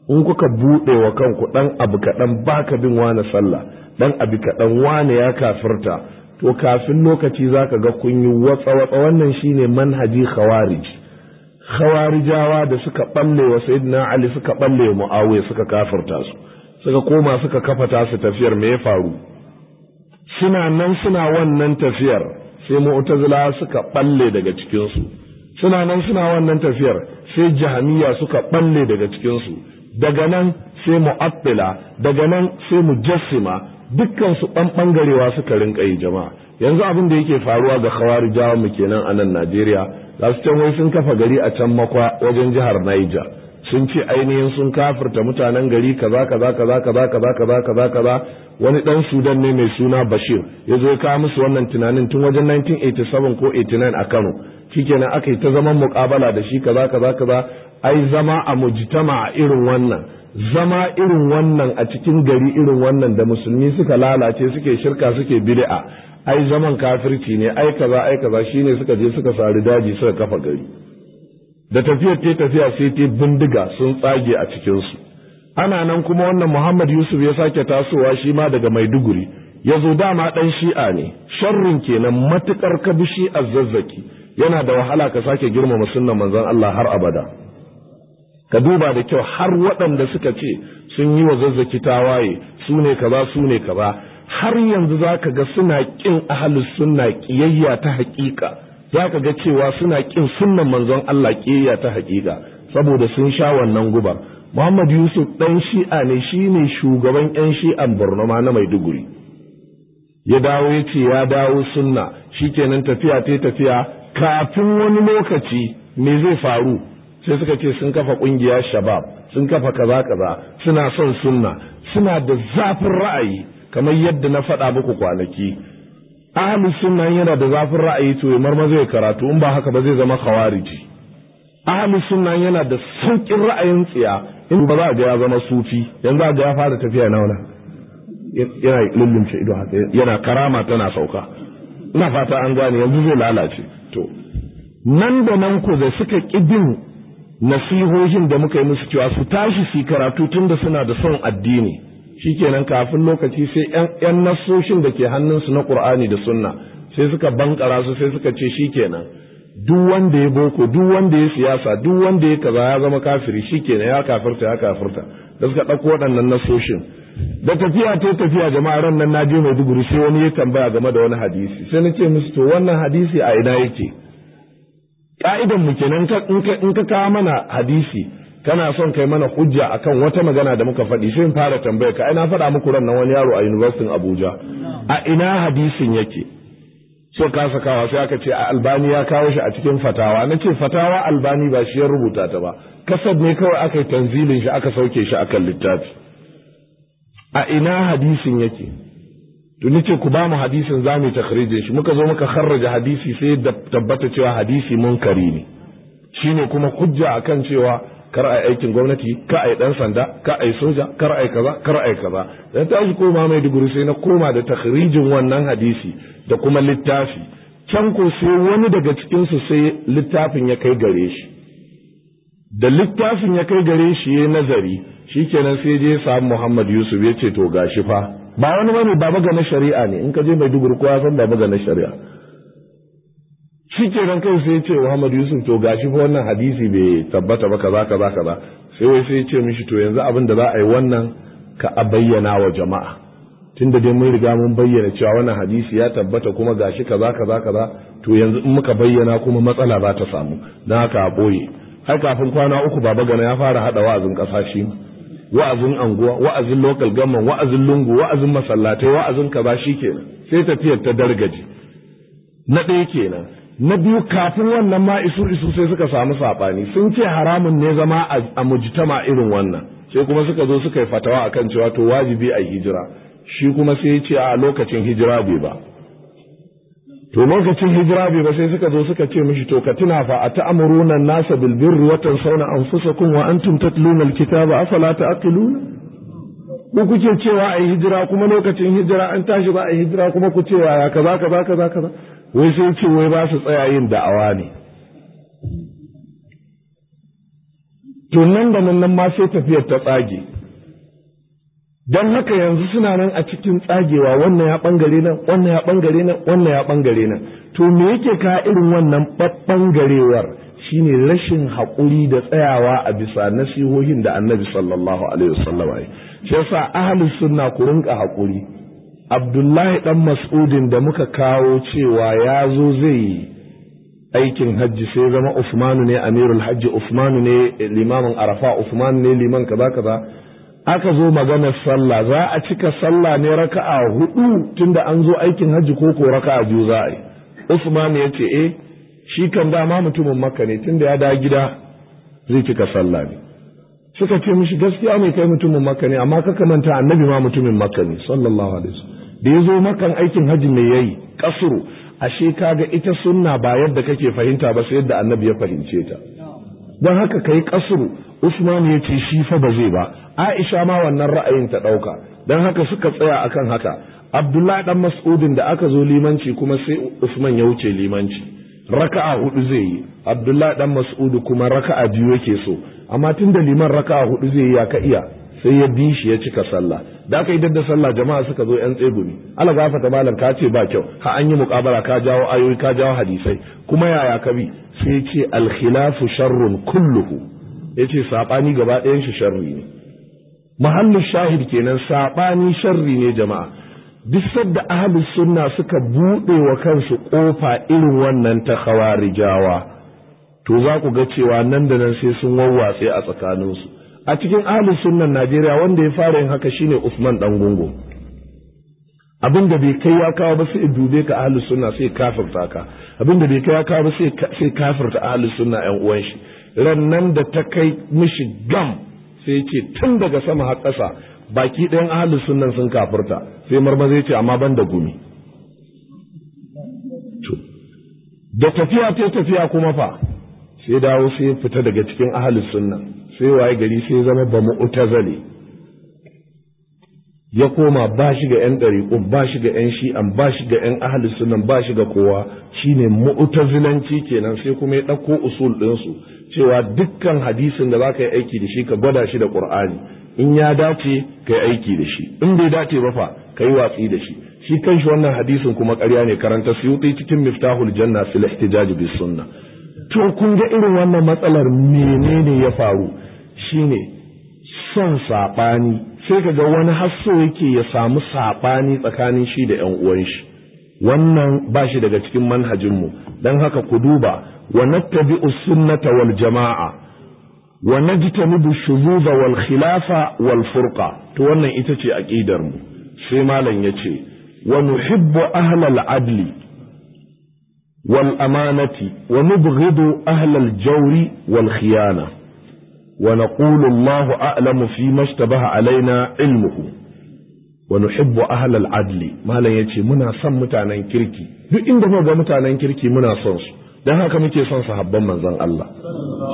in kuka buɗe wa kanku ɗan abu kaɗan baka bin wane sallah ɗan abu kaɗan wane ya kafirta to kafin lokaci zaka ga kun yi watsa watsa wannan shine manhaji khawarij khawarijawa da suka balle wa sayyidina ali suka balle wa muawiya suka kafirta su suka koma suka kafa su tafiyar me ya faru suna nan suna wannan tafiyar sai mu'tazila suka balle daga cikin su suna nan suna wannan tafiyar sai jahamiya suka balle daga cikin su daga nan sai mu'attila daga nan sai mujassima dukkan su ban bangarewa suka rinka yi jama'a yanzu abin da yake faruwa ga khawarijawa mu kenan a nan Najeriya za su wai sun kafa gari a can makwa wajen jihar Niger sun ce ainihin sun kafirta mutanen gari kaza kaza kaza kaza kaza kaza kaza kaza wani dan Sudan ne mai suna Bashir ya zo ya kawo musu wannan tunanin tun wajen 1987 ko 89 a Kano shikenan aka yi ta zaman mukabala da shi kaza kaza kaza ai zama a mujtama a irin wannan zama irin wannan a cikin gari irin wannan da musulmi suka lalace suke shirka suke bid'a ai zaman kafirci ne ai kaza ai kaza shine suka je suka sari daji suka kafa gari da tafiyar ta tafiya sai ta bindiga sun tsage a cikin su ana nan kuma wannan Muhammad Yusuf ya sake tasowa shi ma daga Maiduguri ya zo dama dan shi'a ne sharrin kenan matukar kabishi zazzaki. yana da wahala ka sake girmama sunnan manzon Allah har abada ka duba da kyau har waɗanda suka ce sun yi wa zazzaki tawaye su ne kaza su ne kaza har yanzu za ka ga suna ƙin ahalus suna ƙiyayya ta haƙiƙa za ka ga cewa suna ƙin sunan manzon Allah ƙiyayya ta haƙiƙa saboda sun sha wannan guba Muhammad Yusuf ɗan shi'a ne shi ne shugaban 'yan shi'an Borno ma na Maiduguri ya dawo ya ce ya dawo sunna shikenan tafiya ta tafiya kafin wani lokaci me zai faru sai suka ce sun kafa ƙungiyar shabab sun kafa kaza kaza suna son sunna suna da zafin ra'ayi kamar yadda na faɗa muku kwanaki ahlu sunna yana da zafin ra'ayi to ma zai karatu in ba haka ba zai zama khawariji ahlu sunna yana da saukin ra'ayin tsiya in ba za a ga ya zama sufi yanzu za a ga ya fara tafiya na wannan yana lullumce ido haka yana karama tana sauka ina fata an gane yanzu zai lalace to nan da nan ku da suka ƙi nasihohin da muka yi musu cewa su tashi su karatu tunda suna da son addini shikenan kafin lokaci sai yan nassoshin da ke hannunsu na ƙur'ani da sunna sai suka bankara su sai suka ce shikenan duk wanda ya boko duk wanda ya siyasa duk wanda ya kaza ya zama kafiri shikenan ya kafirta ya kafirta da suka ɗauko waɗannan nasoshin. da tafiya ta tafiya jama'a ran nan naje mai duguri sai wani ya tambaya game da wani hadisi sai na ce musu to wannan hadisi a ina yake ka'idan mu kenan in ka kawo mana hadisi kana son kai mana hujja akan wata magana da muka faɗi sai fara tambaya ka ai na faɗa muku ran wani yaro a university Abuja a ina hadisin yake sai ka sakawa sai aka ce a Albani ya kawo shi a cikin fatawa nace fatawa Albani ba shi ya rubuta ta ba kasad ne kawai aka yi tanzilin shi aka sauke shi akan littafi a ina hadisin yake to nace ku ba mu hadisin za mu takhrije shi muka zo muka kharraja hadisi sai tabbata cewa hadisi munkari ne shine kuma hujja akan cewa kar a aikin gwamnati ka a dan sanda ka a soja kar a kaza kar a kaza dan tashi koma mai duguri sai na koma da takhrijin wannan hadisi da kuma littafi can ko sai wani daga cikin su sai littafin ya kai gare shi da littafin ya kai gare shi ya nazari shikenan sai je samu Muhammad Yusuf ya ce to gashi fa ba wani bane baba ga na shari'a ne in ka je mai duguri kowa san baba ga na shari'a shi nan kai sai ce Muhammad Yusuf to gashi fa wannan hadisi bai tabbata ba kaza kaza kaza sai wai sai ce mishi to yanzu abin da za a yi wannan ka a bayyana wa jama'a tunda dai mun riga mun bayyana cewa wannan hadisi ya tabbata kuma gashi kaza kaza kaza to yanzu in muka bayyana kuma matsala za ta samu don haka a boye har kafin kwana uku baba gana ya fara hada wa'azin kasa shi wa'azin anguwa wa'azin local government wa'azin lungu wa'azin masallatai wa'azin kaza kenan sai tafiyar ta dargaji na ɗaya kenan na biyu kafin wannan ma isu isu sai suka samu sabani sun ce haramun ne zama a mujtama irin wannan sai kuma suka zo suka yi fatawa akan cewa to wajibi a hijira shi kuma sai ya ce a lokacin hijira bai ba to lokacin hijira bai ba sai suka zo suka ce mishi to ka tuna fa a ta'amuruna nasa bil birri wa tansawna anfusakum wa antum tatluna alkitaba afala ta'qiluna ku kuke cewa a hijira kuma lokacin hijira an tashi ba a hijira kuma ku cewa ya kaza kaza kaza kaza wai sai ce wai ba su tsaya yin da'awa ne to nan da nan ma sai tafiyar ta tsage don haka yanzu suna nan a cikin tsagewa wannan ya bangare nan wannan ya bangare nan wannan ya bangare nan to me yake ka irin wannan bangarewar shine rashin haƙuri da tsayawa a bisa nasihohin da annabi sallallahu alaihi wasallam ya shi yasa ahlus sunna ku rinka haƙuri abdullahi ɗan mas'udin da muka kawo cewa ya zo zai yi aikin hajji sai zama Usmanu ne amirul hajji Usmanu ne limamin arafa Usmanu ne liman kaza kaza aka zo maganar sallah za a cika sallah ne raka'a hudu tunda an zo aikin hajji ko ko raka'a biyu za a yi Usman ya ce eh shi kan dama mutumin makka ne tunda ya da gida zai cika sallah ne suka ce mishi gaskiya mai kai mutumin makka ne amma ka manta annabi ma mutumin makka ne sallallahu alaihi wasallam da ya zo makan aikin hajji mai yayi kasuru ashe ga ita sunna ba yadda kake fahimta ba sai yadda annabi ya fahimce ta don haka kai kasuru usman ya ce shi fa ba zai ba aisha ma wannan ra'ayin ta dauka don haka suka tsaya akan haka abdullahi dan mas'udin da aka zo limanci kuma sai usman ya wuce limanci raka'a hudu zai yi abdullahi dan mas'udu kuma raka'a biyu yake so amma tun da liman raka'a hudu zai yi ya ka iya sai ya bi shi ya cika sallah da aka yi da sallah jama'a suka zo yan tsegumi ala gafata malam ka ce ba kyau ha an yi muqabala ka jawo ayoyi ka jawo hadisai kuma yaya ka bi sai ce al khilafu sharrun kulluhu yace sabani gaba ɗayan shi sharri ne mahallu shahid kenan sabani sharri ne jama'a duk sadda ahli sunna suka bude wa kansu kofa irin wannan ta khawarijawa to za ku ga cewa nan da nan sai sun wawwatse a tsakaninsu a cikin ahli sunnan Najeriya wanda ya fara yin haka shine Usman dan gungu abin da bai kai ya kawo ba sai dube ka ahli sunna sai kafirta ka abin da bai kai ya kawo ba sai sai kafirta ahli sunna ƴan uwan shi rannan da ta kai mishi gam sai ce tun daga sama har ƙasa baki ɗayan ahli sunnan sun kafirta sai Marma zai ce amma ban da gumi da tafiya ta tafiya kuma fa sai dawo sai fita daga cikin ahli sunnan sai waye gari sai zama ba mu'tazali ya koma ba shi ga yan ɗariƙun ba shi ga yan shi'an ba shi ga yan ahli sunan ba shi ga kowa shine mu'tazilanci kenan sai kuma ya ɗauko usul ɗinsu cewa dukkan hadisin da zaka yi aiki da shi ka gwada shi da qur'ani in ya dace ka aiki da shi in bai dace ba fa ka watsi da shi shi kanshi wannan hadisin kuma ƙarya ne karanta suyuti cikin miftahul janna fil ihtijaj bis sunna to kun ga irin wannan matsalar menene ya faru shine son saɓani sai ka ga wani hasso yake ya samu saɓani tsakanin shi da ‘yan uwan shi wannan ba shi daga cikin manhajinmu don haka ku duba wa nattabi sunnata wal jama'a wa najtanibu shuzuza wal khilafa wal furqa to wannan ita ce aqidar mu sai malam yace wa nuhibbu ahlal adli والأمانة ونبغض أهل الجور والخيانة ونقول الله أعلم فيما اشتبه علينا علمه ونحب أهل العدل ما لا يتي منا سم متانا كركي دو إن دفع متانا كركي منا صنص dan haka muke son sahabban manzon Allah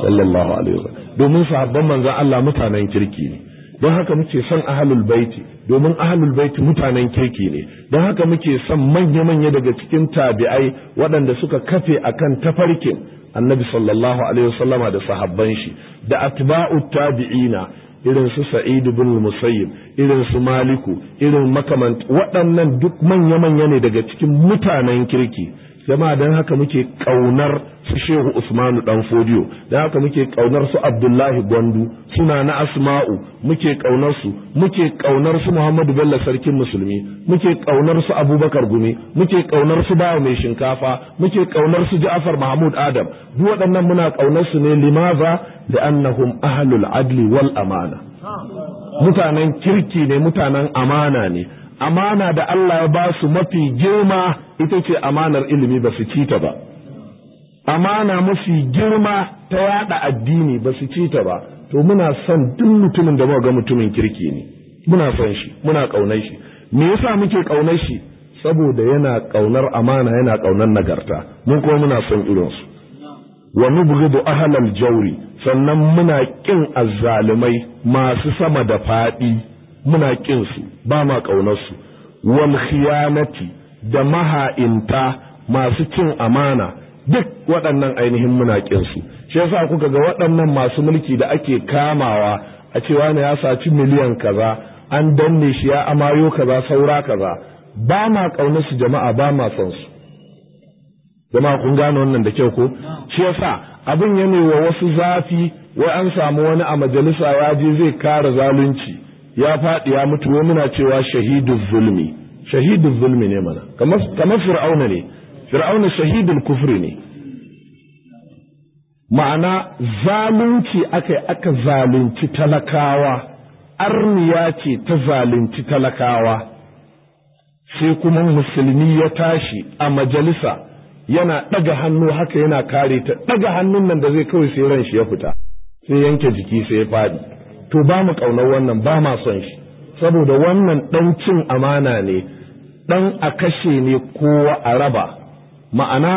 sallallahu alaihi wasallam domin sahabban manzon Allah mutanen kirki ne don haka muke son ahalul baiti domin ahalul baiti mutanen kirki ne don haka muke son manya-manya daga cikin tabi'ai waɗanda suka kafe akan tafarkin annabi sallallahu alaihi wasallama da sahabban shi da atba'u tabi'ina irin su sa'id ibn musayyib irin su maliku irin makamant waɗannan duk manya-manya ne daga cikin mutanen kirki jama'a don haka muke kaunar su shehu usmanu dan fodiyo don haka muke kaunar su abdullahi gwandu suna na asma'u muke kaunar su muke kaunar su muhammadu bello sarkin musulmi muke kaunar su abubakar gumi muke kaunar su bawa mai shinkafa muke kaunar su ja'afar mahmud adam duk waɗannan muna kaunar su ne limaza da annahum ahlul adli wal amana mutanen kirki ne mutanen amana ne amana da Allah ya ba su mafi girma ita ce amanar ilimi ba su cita ba amana mafi girma ta yada addini ba su cita ba to muna son duk mutumin da muka ga mutumin kirki ne muna son shi muna kaunar shi me yasa muke kaunar shi saboda yana kaunar amana yana kaunar nagarta mun kuma muna son irin su wa nubghidu ahlal jawri sannan muna kin azzalumai masu sama da faɗi. muna ƙinsu su ba ma ƙaunar su wal khiyanati da maha'inta masu cin amana duk waɗannan ainihin muna ƙin su shi yasa kuka ga waɗannan masu mulki da ake kamawa a cewa ne ya saci miliyan kaza an danne shi ya amayo kaza saura kaza ba ma ƙaunar su jama'a ba ma son su jama'a kun gane wannan da kyau ko shi yasa abin ya wa wasu zafi wai an samu wani a majalisa ya je zai kara zalunci ya faɗi ya mutu wai muna cewa shahidul zulmi shahidul zulmi ne mana kamar fir'auna ne fir'auna shahidul kufri ne ma'ana zalunci aka aka zalunci talakawa arniya ce ta zalunci talakawa sai kuma musulmi ya tashi a majalisa yana ɗaga hannu haka yana kare ta ɗaga hannun nan da zai kawai sai ran shi ya fita sai yanke jiki sai ya faɗi to ba mu ƙaunar wannan ba ma son shi saboda wannan ɗan cin amana ne ɗan a kashe ne kowa a raba ma'ana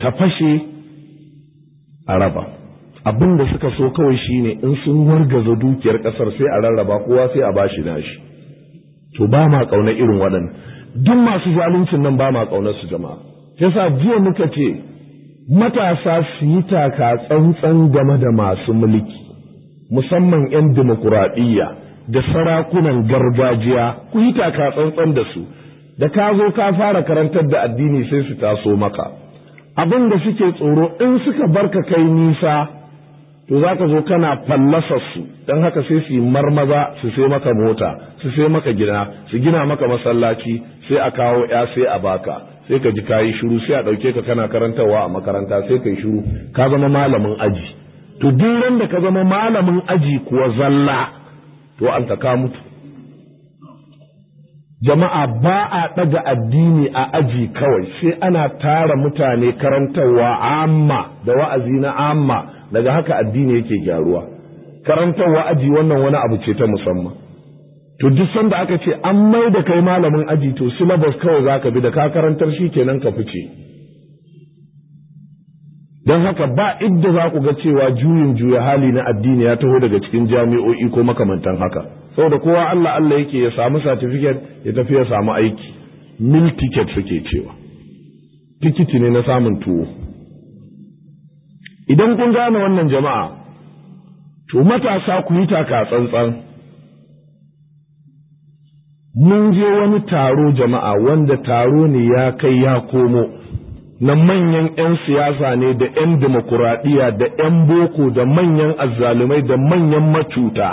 ta fashe a raba abin suka so kawai shine in sun wargaza dukiyar ƙasar sai a rarraba kowa sai a bashi nashi to ba ma ƙaunar irin waɗannan duk masu zaluncin nan ba ma ƙaunar su jama'a yasa jiya muka ce matasa su yi taka tsantsan game da masu mulki musamman 'yan dimokuraɗiyya da sarakunan gargajiya ku yi taka tsantsan da su da ka zo ka fara karantar da addini sai su taso maka abin da suke tsoro in suka barka kai nisa to za ka zo kana fallasar su don haka sai su yi marmaza su sai maka mota su sai maka gina su gina maka masallaci sai a kawo ya sai a baka sai ka ji kayi shiru sai a ɗauke ka kana karantarwa a makaranta sai ka yi shiru ka zama malamin aji to duk da ka zama malamin aji kuwa zalla to an ka mutu jama'a ba a ɗaga addini a aji kawai sai ana tara mutane karantarwa amma da wa'azi na amma daga haka addini yake gyaruwa karantarwa aji wannan wani abu ce ta musamman to duk sanda aka ce an mai da kai malamin aji to syllabus kawai zaka bi da ka karantar shi kenan ka fice don haka ba idda za ku ga cewa juyin juya hali na addini ya taho daga cikin jami'o'i ko makamantan haka saboda kowa Allah Allah yake ya samu satifiket ya tafi ya samu aiki mil ticket suke cewa tikiti ne na samun tuwo idan kun gane wannan jama'a to matasa ku yi taka tsantsan mun je wani taro jama'a wanda taro ne ya kai ya komo na manyan 'yan siyasa ne da 'yan demokuraɗiyya da 'yan boko da manyan azzalumai da manyan macuta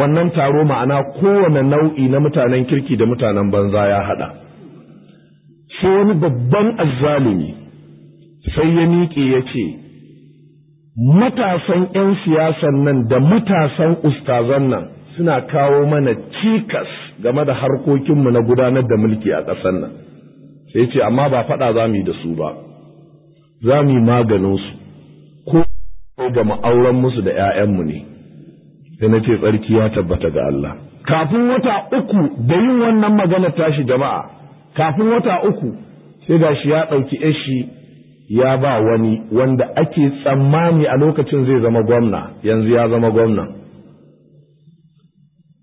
wannan taro ma'ana kowane nau'i na mutanen kirki da mutanen banza ya haɗa sai wani babban azzalumi sai ya miƙe ya ce matasan 'yan siyasan nan da matasan ustazan nan suna kawo mana cikas game da harkokinmu na gudanar da mulki a ƙasar nan sai ce amma ba faɗa za mu yi da su ba za mu yi maganinsu ko ga ma'auran musu da 'ya'yanmu ne sai na ce tsarki ya tabbata ga Allah kafin wata uku da yin wannan maganar tashi jama'a kafin wata uku sai ga shi ya ɗauki shi ya ba wani wanda ake tsammani a lokacin zai zama gwamna yanzu ya zama gwamna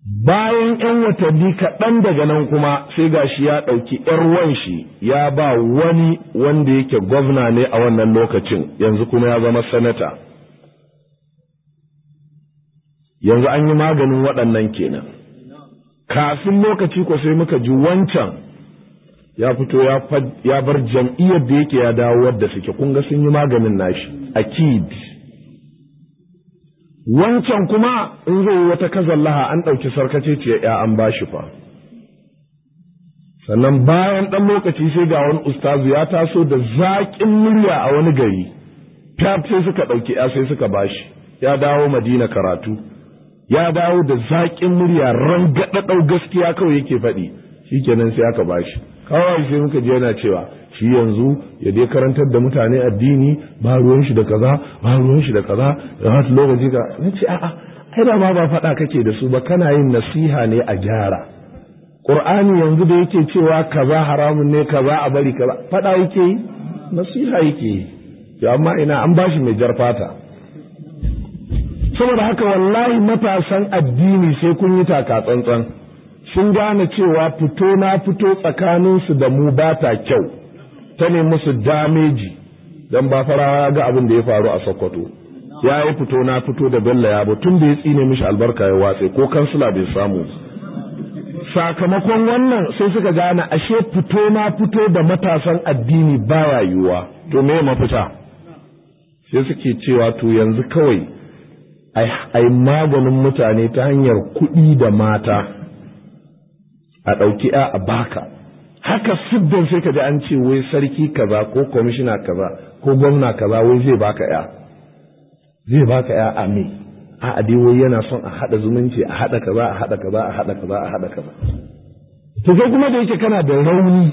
bayan ‘yan watanni kaɗan daga nan kuma sai ga shi ya ɗauki ‘yarwan shi ya ba wani wanda yake gwamna ne a wannan lokacin yanzu kuma ya zama sanata yanzu an yi maganin waɗannan kenan kafin lokaci ko sai muka ji wancan ya fito ya bar jam'iyyar da yake ya dawo wadda suke kunga sun yi maganin nashi akid wancan kuma in zai yi wata kazallaha an ɗauki sarkaceciyar ya an ba fa sannan bayan ɗan lokaci sai ga wani ustazu ya taso da zaƙin murya a wani gari fiyaf sai suka ɗauki ya sai suka bashi ya dawo madina karatu ya dawo da zaƙin murya rangaɗaɗau gaskiya kawai yake faɗi Shi shikenan sai aka bashi kawai sai muka ji yana cewa shi yanzu ya dai karantar da mutane addini ba ruwan shi da kaza ba ruwan shi da kaza da wata lokaci ka nace a'a kai da ma ba faɗa kake da su ba kana yin nasiha ne a gyara Qur'ani yanzu da yake cewa kaza haramun ne kaza a bari kaza faɗa yake yi nasiha yake yi to amma ina an bashi mai jarfata. saboda haka wallahi matasan addini sai kun yi taka tsantsan sun gane cewa fito na fito tsakaninsu da mu ba ta kyau ta ne musu dameji don ba farawa ga abin da ya faru a sokoto ya yi fito na fito da bello ya bu tun da ya tsine mishi albarka ya watse ko kansila bai samu sakamakon wannan sai suka gane ashe fito na fito da matasan addini ba yiwuwa to me mafita sai suke cewa to yanzu kawai ai maganin mutane ta hanyar kuɗi da mata a ɗauki a baka haka siddan sai ka ji an ce wai sarki kaza ko kwamishina kaza ko gwamna kaza wai zai baka ya zai baka ya a me a dai wai yana son a hada zumunci a hada kaza a hada kaza a hada kaza a hada kaza to sai kuma da yake kana da rauni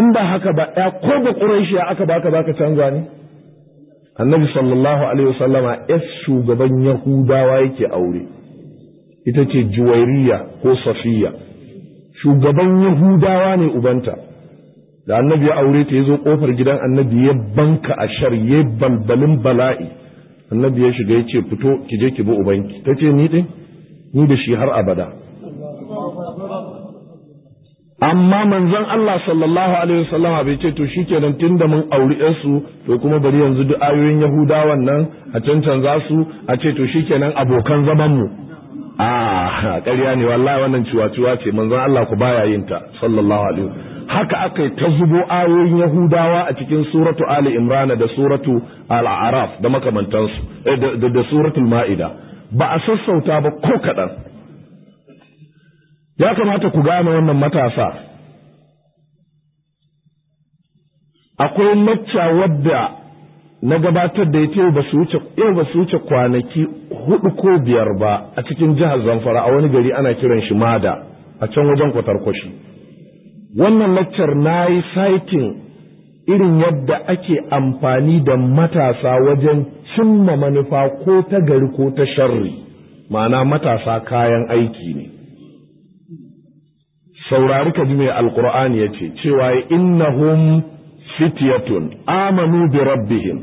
in ba haka ba ya ko ba quraishi aka baka baka canza ne annabi sallallahu alaihi wasallama es shugaban yahudawa yake aure ita ce juwairiya ko safiya shugaban yahudawa ne ubanta da annabi ya aure ta ya zo kofar gidan annabi ya banka a shar ya balbalin bala'i annabi ya shiga ya ce fito ki ki bi ubanki ta ce ni din ni da shi har abada amma manzon Allah sallallahu alaihi wasallam bai ce to shikenan tunda mun auri su to kuma bari yanzu duk ayoyin yahudawan nan a cancanza su a ce to shikenan abokan zaman mu a ah, ƙarya ne wallahi wannan ciwa-ciwa ce manzon Allah ku baya yin ta sallallahu alaihi haka aka ta zubo ayoyin Yahudawa a cikin suratu Ali Imran da suratu Al-A'raf da makamantansu eh, da suratul Ma'ida ba a sassauta ba ko kaɗan ya kamata ku gane wannan matasa akwai macca wadda na gabatar da ita yau ba su wuce kwanaki hudu ko biyar ba a cikin jihar zamfara a wani gari ana kiran shi mada a can wajen kwatarkwashi wannan laccar na yi saitin irin yadda ake amfani da matasa wajen cimma manufa ko ta gari ko ta sharri ma'ana matasa kayan aiki ne saurari ka ji mai alkur'ani ya ce cewa innahum fityatun amanu bi rabbihim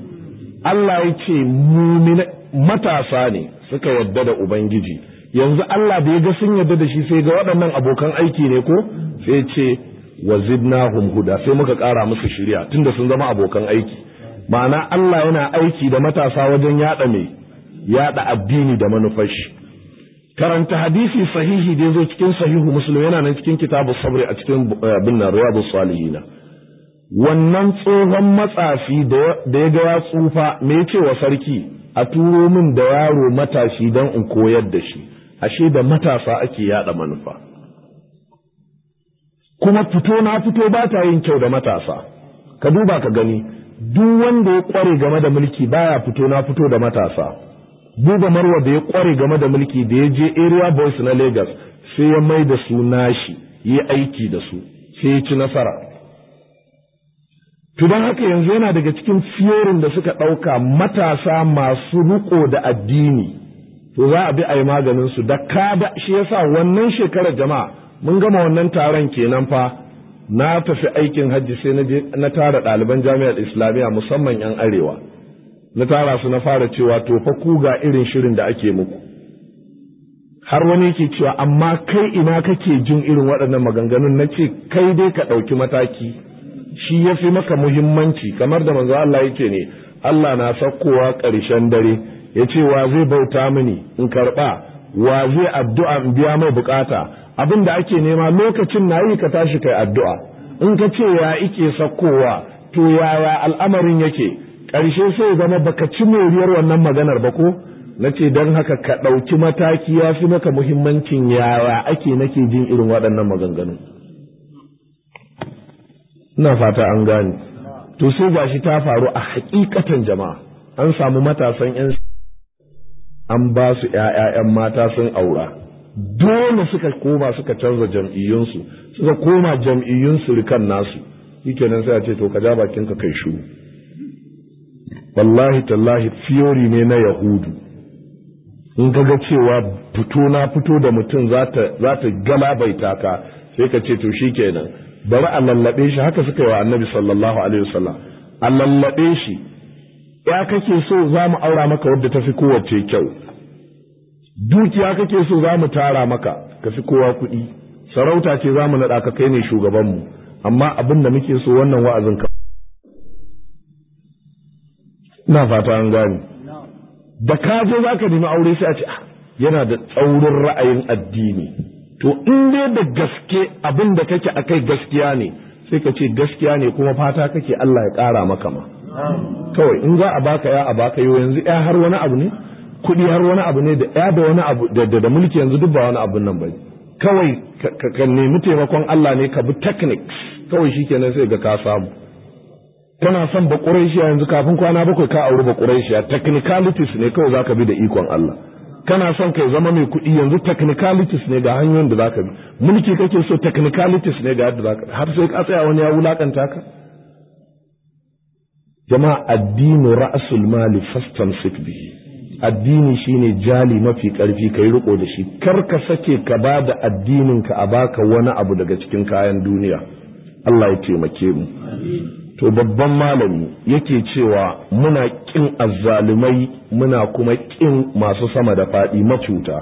Allah ya ce matasa ne suka yadda da ubangiji yanzu Allah da ya ga sun yarda da shi sai ga waɗannan abokan aiki ne ko sai ce wa zidnahum huda sai muka ƙara musu shiriya tunda sun zama abokan aiki ma'ana Allah yana aiki da matasa wajen yada mai yaɗa addini da manufashi karanta hadisi sahihi da zo cikin sahihu muslim yana nan cikin kitabu sabri a cikin eh, bin nan riyadus salihina wannan tsohon matsafi da ya ga ya tsufa me ce wa sarki a turo min da yaro matashi don in koyar da shi ashe da matasa ake yada manufa kuma fito na fito ba ta yin kyau da matasa ka duba ka gani duk wanda ya kware game da mulki baya fito na fito da matasa buga marwa da ya kware game da mulki da ya je area boys na lagos sai ya mai da su nashi yi aiki da su sai ya ci nasara to don haka yanzu yana daga cikin fiyorin da suka ɗauka matasa masu riko da addini to za a bi a yi maganin su da kada shi yasa wannan shekarar jama'a mun gama wannan taron kenan fa na tafi aikin hajji sai na na tara ɗaliban jami'ar islamiyya musamman yan arewa na tara su na fara cewa to fa ku ga irin shirin da ake muku har wani yake cewa amma kai ina kake jin irin waɗannan maganganun na ce kai dai ka ɗauki mataki shi ya fi maka muhimmanci kamar da manzo Allah yake ne Allah na sakkowa ƙarshen dare ya ce wa zai bauta mini in karɓa wa zai addu'a in biya mai bukata abin da ake nema lokacin na yi ka tashi kai addu'a in ka ce ya ike sakkowa to yaya al'amarin yake ƙarshe sai zama baka ci moriyar wannan maganar ba ko na ce don haka ka ɗauki mataki ya fi maka muhimmancin yaya ake nake jin irin waɗannan maganganu ina fata an gane to sai shi ta faru a hakikatan jama'a an samu matasan yan an ba su ‘ya'ya'yan mata sun aura dole suka koma suka canza jam'iyyunsu suka koma jam'iyyunsu rikan nasu shikenan sai a ce to ka ja bakin ka kai shu wallahi tallahi theory ne na yahudu in ka ga cewa fito na fito da mutum za ta galabaita ka sai ka ce to shikenan bari a lallaɓe shi haka suka yi wa annabi sallallahu alaihi wasallam a lallaɓe shi ya kake so za mu aura maka wadda ta fi kowace kyau dukiya kake so za mu tara maka ka fi kowa kuɗi sarauta ce za mu naɗa ka kai ne shugabanmu amma abin da muke so wannan wa'azin ka na fata an gane da ka zo za ka nemi aure sai a ce ah, yana da tsaurin ra'ayin addini to in dai da gaske abin da kake akai gaskiya ne sai ka ce gaskiya ne kuma fata kake Allah ya ƙara maka ma kawai in za a baka ya a baka yau yanzu ya har wani abu ne kuɗi har wani abu ne da ya da wani abu da mulki yanzu duk ba wani abun nan ba kawai ka nemi taimakon Allah ne ka bi techniques kawai shikenan sai ga ka samu kana son ba yanzu kafin kwana bakwai ka auri ba technicalities ne kawai zaka bi da ikon Allah kana son kai zama mai kuɗi yanzu technicalities ne ga hanyoyin da zaka bi mulki kake so technicalities ne ga yadda zaka har sai ka tsaya wani ya wulakanta ka jama'a addinu ra'sul mali fastamsik bihi addini shine jali mafi karfi kai riko da shi kar ka sake ka bada da addinin ka a baka wani abu daga cikin kayan duniya Allah ya taimake mu amin to babban malami yake cewa muna ƙin azzalumai muna kuma ƙin masu sama da faɗi macuta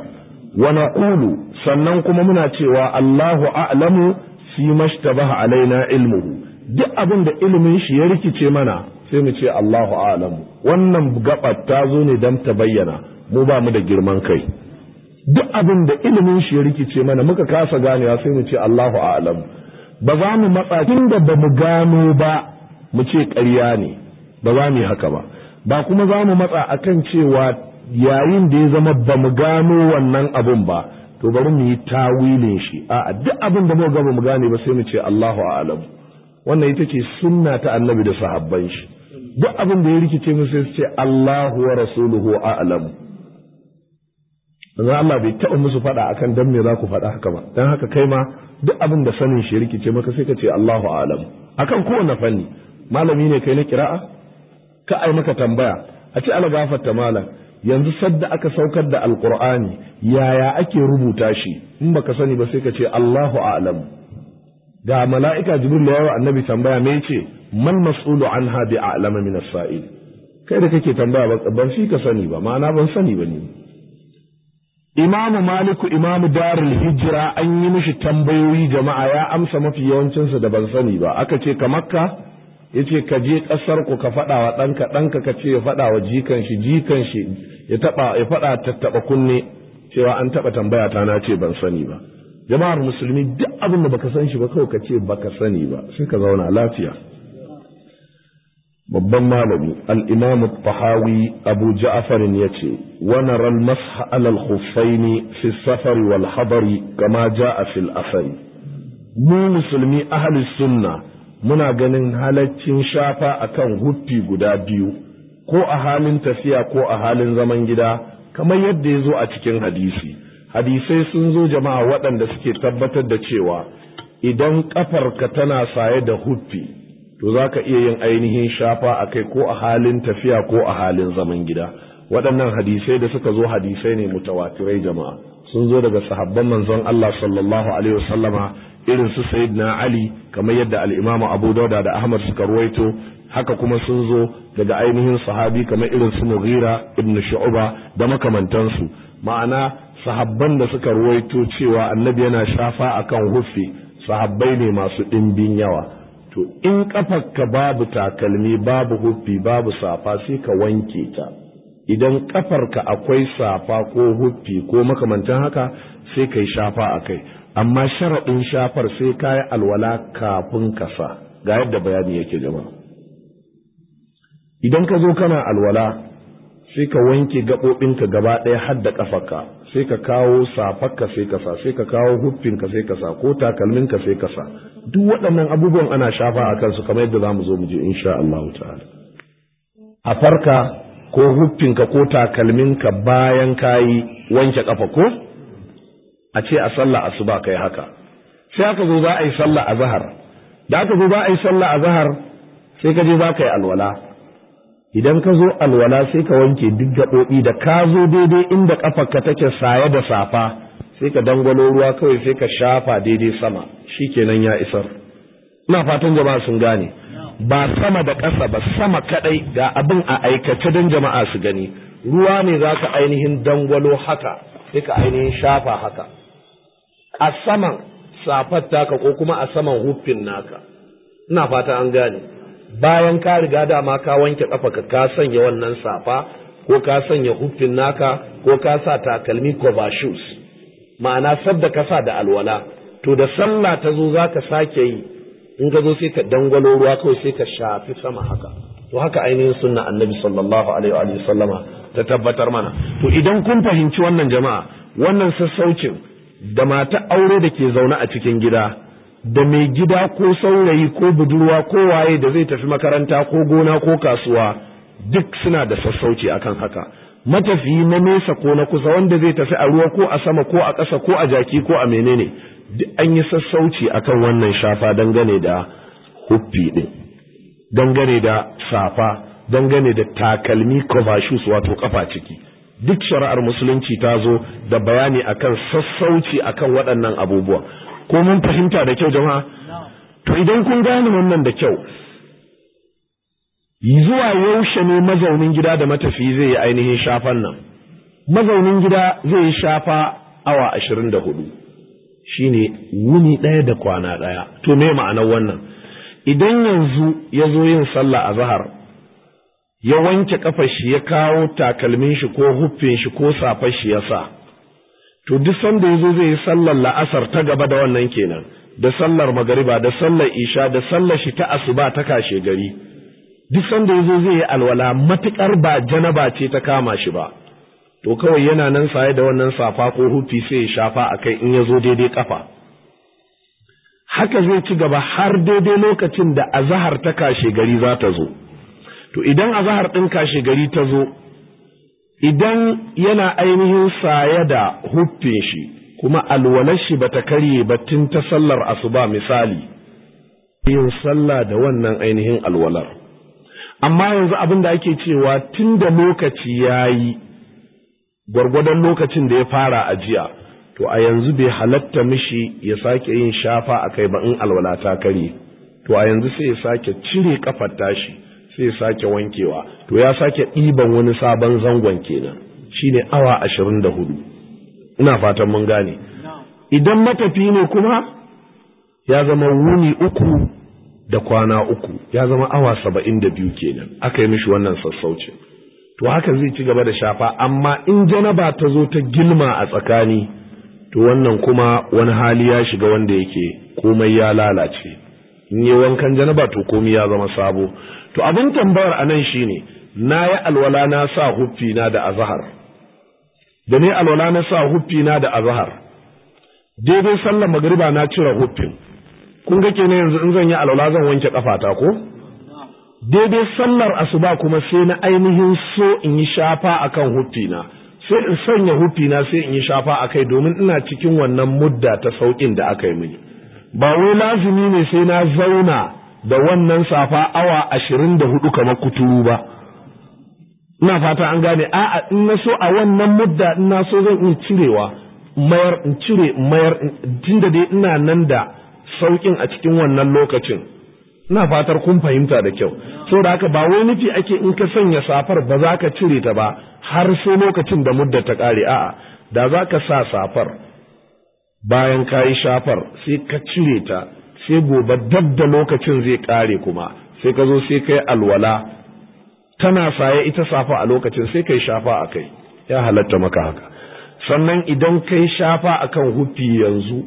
wa naqulu sannan kuma muna cewa Allahu a'lamu fi mashtabaha alaina ilmuhu duk abin da ilimin shi ya rikice mana sai mu ce Allahu a'lamu wannan gabar ta zo ne dan ta bayyana mu ba mu da girman kai duk abin da ilimin shi ya rikice mana muka kasa ganewa sai mu ce Allahu a'lamu ba za mu matsa da ba mu gano ba mu ce ƙarya ne ba za mu yi haka ba ba kuma za mu matsa akan cewa yayin da ya zama ba mu gano wannan abun ba to bari mu yi tawilin shi a duk abin da muka ga mu gane ba sai mu ce Allahu a'lam wannan ita ce sunna ta annabi da sahabban shi duk abin da ya rikice mu sai su ce Allahu wa rasuluhu a'lam dan Allah bai taɓa musu faɗa akan dan me za ku faɗa haka ba dan haka kai ma duk abin da sanin shi rikice maka sai ka ce Allahu a'lam akan kowane fanni malami ne kai na kira'a ka ai maka tambaya a ce ala malam yanzu sadda aka saukar da alqur'ani yaya ake rubuta shi in baka sani ba sai ka ce Allahu a'lam ga mala'ika jibril da yawa annabi tambaya me yace man mas'ulu anha bi a'lama min as-sa'il kai da kake tambaya ban shi ka sani ba ma'ana ban sani ba ne Imamu Maliku Imamu Darul hijra an yi mishi tambayoyi jama'a ya amsa mafi yawancinsa da ban sani ba aka ce ka makka Yace ka je ƙasar ku ka faɗa wa ɗanka ɗanka ka ce ya faɗa wa jikan shi jikan shi ya taɓa ya kunne cewa an taɓa tambaya ta na ce ban sani ba jama'ar musulmi duk abin da baka san shi ba kawai ka ce baka sani ba sai ka zauna lafiya babban malami al-imam tahawi abu ja'far ya ce wa nara al-masha ala al-khuffaini fi safari wal hadari kama ja'a fil asari mu musulmi ahli sunna muna ganin halaccin shafa a kan huffi guda biyu ko a halin tafiya ko a halin zaman gida kamar yadda ya zo a cikin hadisi hadisai sun zo jama'a waɗanda suke tabbatar da cewa idan ƙafarka tana saye da huffi to za ka iya yin ainihin shafa a kai ko a halin tafiya ko a halin zaman gida waɗannan hadisai da suka zo hadisai ne mutawatirai jama'a sun zo daga sahabban manzon Allah sallallahu alaihi wasallama irin su sayyidina ali kamar yadda al abu dauda da ahmad suka ruwaito haka kuma sun zo daga ainihin sahabi kamar irin su mughira ibn shu'ba da makamantansu ma'ana sahabban da suka ruwaito cewa annabi yana shafa akan huffi sahabbai ne masu ɗimbin yawa to in ka babu takalmi babu huffi babu safa sai ka wanke ta idan ka akwai safa ko huffi ko makamantan haka sai kai shafa a kai amma sharaɗin shafar sai ka yi alwala kafin kasa, sa ga yadda bayani yake jama idan ka zo kana alwala sai ka wanke gaɓoɓinka gaba ɗaya har da ƙafarka sai ka kawo safarka sai ka sa sai ka kawo huffinka sai ka sa ko takalminka sai ka sa duk waɗannan abubuwan ana shafa a kansu kamar yadda za mu zo mu je sha Allah ta'ala a farka ko huffinka ko takalminka bayan kayi wanke ƙafa ko a ce a sallah asuba kai haka sai aka zo za a yi sallah azhar da aka zo za a yi sallah azhar sai ka je za ka yi alwala idan ka zo alwala sai ka wanke duk gaɓoɓi da ka zo daidai inda ƙafarka take saye da safa sai ka dangwalo ruwa kawai sai ka shafa daidai sama shi kenan ya isar ina fatan jama'a sun gane ba sama da ƙasa ba sama kaɗai ga abin a aikace don jama'a su gani ruwa ne za ka ainihin dangwalo haka sai ka ainihin shafa haka a saman safar taka ko kuma a saman huffin naka ina fata an gane bayan ka riga dama ka wanke kafa ka sanya wannan safa ko ka sanya hufin naka ko ka sa takalmi cover shoes ma'ana sabda ka sa da alwala to da sallah ta zo za ka sake yi in ka zo sai ka dangwalo ruwa kawai sai ka shafi sama haka to haka ainihin sunna annabi sallallahu alaihi wa sallama ta tabbatar mana to idan kun fahimci wannan jama'a wannan sassaucin da mata aure da ke zaune a cikin gida da mai gida ko saurayi ko budurwa ko waye da zai tafi makaranta ko gona ko kasuwa duk suna da sassauci akan haka matafiyi na nesa ko na kusa wanda zai tafi a ruwa ko a sama ko a ƙasa ko a jaki ko a menene duk an yi sassauci akan wannan shafa dangane da huffi ɗin dangane da safa dangane da takalmi cover wato ƙafa ciki duk shari'ar musulunci ta zo da bayani akan sassauci akan waɗannan abubuwa. ko mun fahimta da kyau jama'a to idan kun gane wannan da kyau zuwa yaushe ne mazaunin gida da matafi zai yi ainihin shafan nan mazaunin gida zai yi shafa awa ashirin da hudu shine wuni ɗaya da kwana ɗaya to me ma'anar wannan idan yanzu ya zo yin sallah a zahar ya wanke kafar shi ya kawo takalmin shi ko huffin shi ko safar shi ya sa to duk sanda yazo zai yi sallar la'asar ta gaba da wannan kenan da sallar magariba da sallar isha da sallar shi ta asuba ta kashe gari duk sanda yazo zai yi alwala matukar ba janaba ce ta kama shi ba to kawai yana nan saye da wannan safa ko hufi sai ya shafa a kai in ya zo daidai kafa haka zai ci gaba har daidai lokacin da azahar ta kashe gari za ta zo to idan azahar ɗin kashe gari ta zo idan yana ainihin saye da huffin shi kuma alwalar shi ta karye ba tun ta sallar asuba misali yin sallah da wannan ainihin alwalar amma yanzu abin da ake cewa tun da lokaci ya yi gwargwadon lokacin da ya fara ajiya, jiya to a yanzu bai halatta mishi ya sake yin shafa a kai ba in alwala ta karye to a yanzu sai ya sake cire kafar tashi sai sake wankewa to ya sake ɗiban wani sabon zangon kenan shine awa ashirin da hudu ina fatan mun gane idan matafi ne kuma ya zama wuni uku da kwana uku ya zama awa saba'in da biyu kenan aka yi mishi wannan sassauci to haka zai ci gaba da shafa amma in janaba ta zo ta gilma a tsakani to wannan kuma wani hali ya shiga wanda yake komai ya lalace in yi wankan janaba to komai ya zama sabo to abin tambayar shi ne. na yi alwala na sa huffi na da azahar da ne alwala na sa huffi na da azahar daidai sallar magariba na cire huffin kun ga kenan yanzu in zan yi alwala zan wanke kafata ko daidai sallar asuba kuma sai na ainihin so in yi shafa akan huffina sai in sanya huffina sai in yi shafa akai domin ina cikin wannan mudda ta saukin da aka yi mini ba wai lazumi ne sai na zauna da wannan safa awa ashirin da hudu kamar kuturu ba ina fata an gane a'a in na so a wannan mudda in na so zan iya cirewa mayar in cire mayar da dai ina nan da saukin a cikin wannan lokacin ina fatar kun fahimta da kyau da haka ba wai nufi ake in ka sanya safar ba za ka cire ta ba har sai lokacin da mudda ta kare a'a da za ka sa safar bayan ka yi shafar sai ka cire ta sai gobe dab da lokacin zai kare kuma sai ka zo sai kai alwala tana saye ita safa a lokacin sai kai shafa a kai ya halatta maka haka sannan idan kai shafa a kan hufi yanzu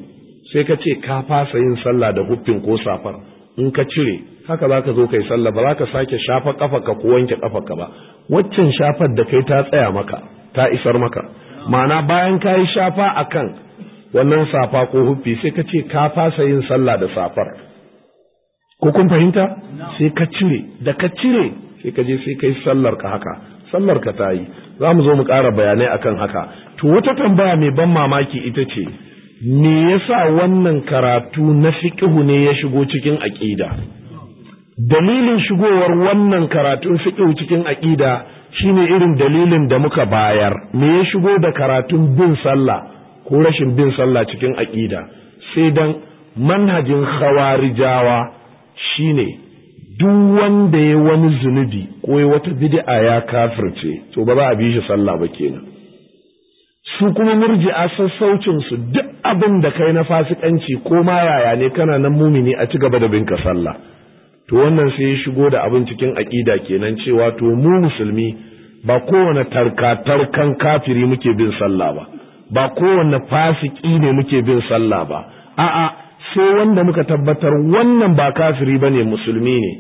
sai ka ce ka fasa yin sallah da huffin ko safar in ka cire haka za ka zo kai sallah ba za ka sake shafa ka ko wanke ka ba waccan shafar da kai ta tsaya maka ta isar maka ma'ana bayan ka yi shafa akan wannan safa ko huffi sai ka ce ka fasa yin sallah da safar ko kun fahimta sai ka cire da ka cire sai ka je sai ka yi sallar ka haka sallar ka ta yi za mu zo mu ƙara bayanai akan haka to wata tambaya mai ban mamaki ita ce me yasa wannan karatu na fiqhu ne ya shigo cikin aqida dalilin shigowar wannan karatun fiqhu cikin aqida shine irin dalilin da muka bayar me ya shigo da karatun bin sallah ko rashin bin sallah cikin aƙida sai dan manhajin khawarijawa shine duk wanda ya wani zunubi ko ya wata bid'a ya kafirce to ba za a bi shi sallah ba kenan su kuma murji'a sassaucin su duk abin da kai na fasikanci ko ma yaya ne kana nan mumini a ci gaba da binka sallah to wannan sai ya shigo da abin cikin aƙida kenan cewa to mu musulmi ba kowane tarka tarkan kafiri muke bin sallah ba ba kowanne fasiki ne muke bin sallah ba a'a sai wanda muka tabbatar wannan ba kafiri bane musulmi ne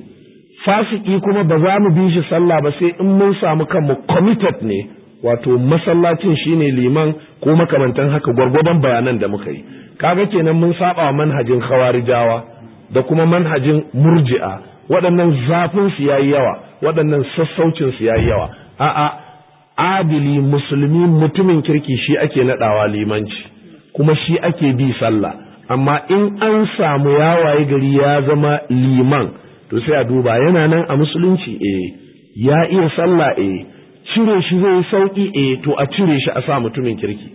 fasiki kuma ba za mu bi shi sallah ba sai in mun samu kanmu committed ne wato masallacin shine liman ko makamantan haka gwargwadon bayanan da muka yi kaga kenan mun saba wa manhajin khawarijawa da kuma manhajin murji'a waɗannan zafin su yayi yawa waɗannan sassaucin su yayi yawa a'a adili musulmi mutumin kirki shi ake nadawa limanci kuma shi ake bi sallah amma in an samu yawaye gari ya zama liman to sai a duba yana nan a musulunci eh ya iya sallah eh cire shi zai yi sauki eh to a cire shi a sa mutumin kirki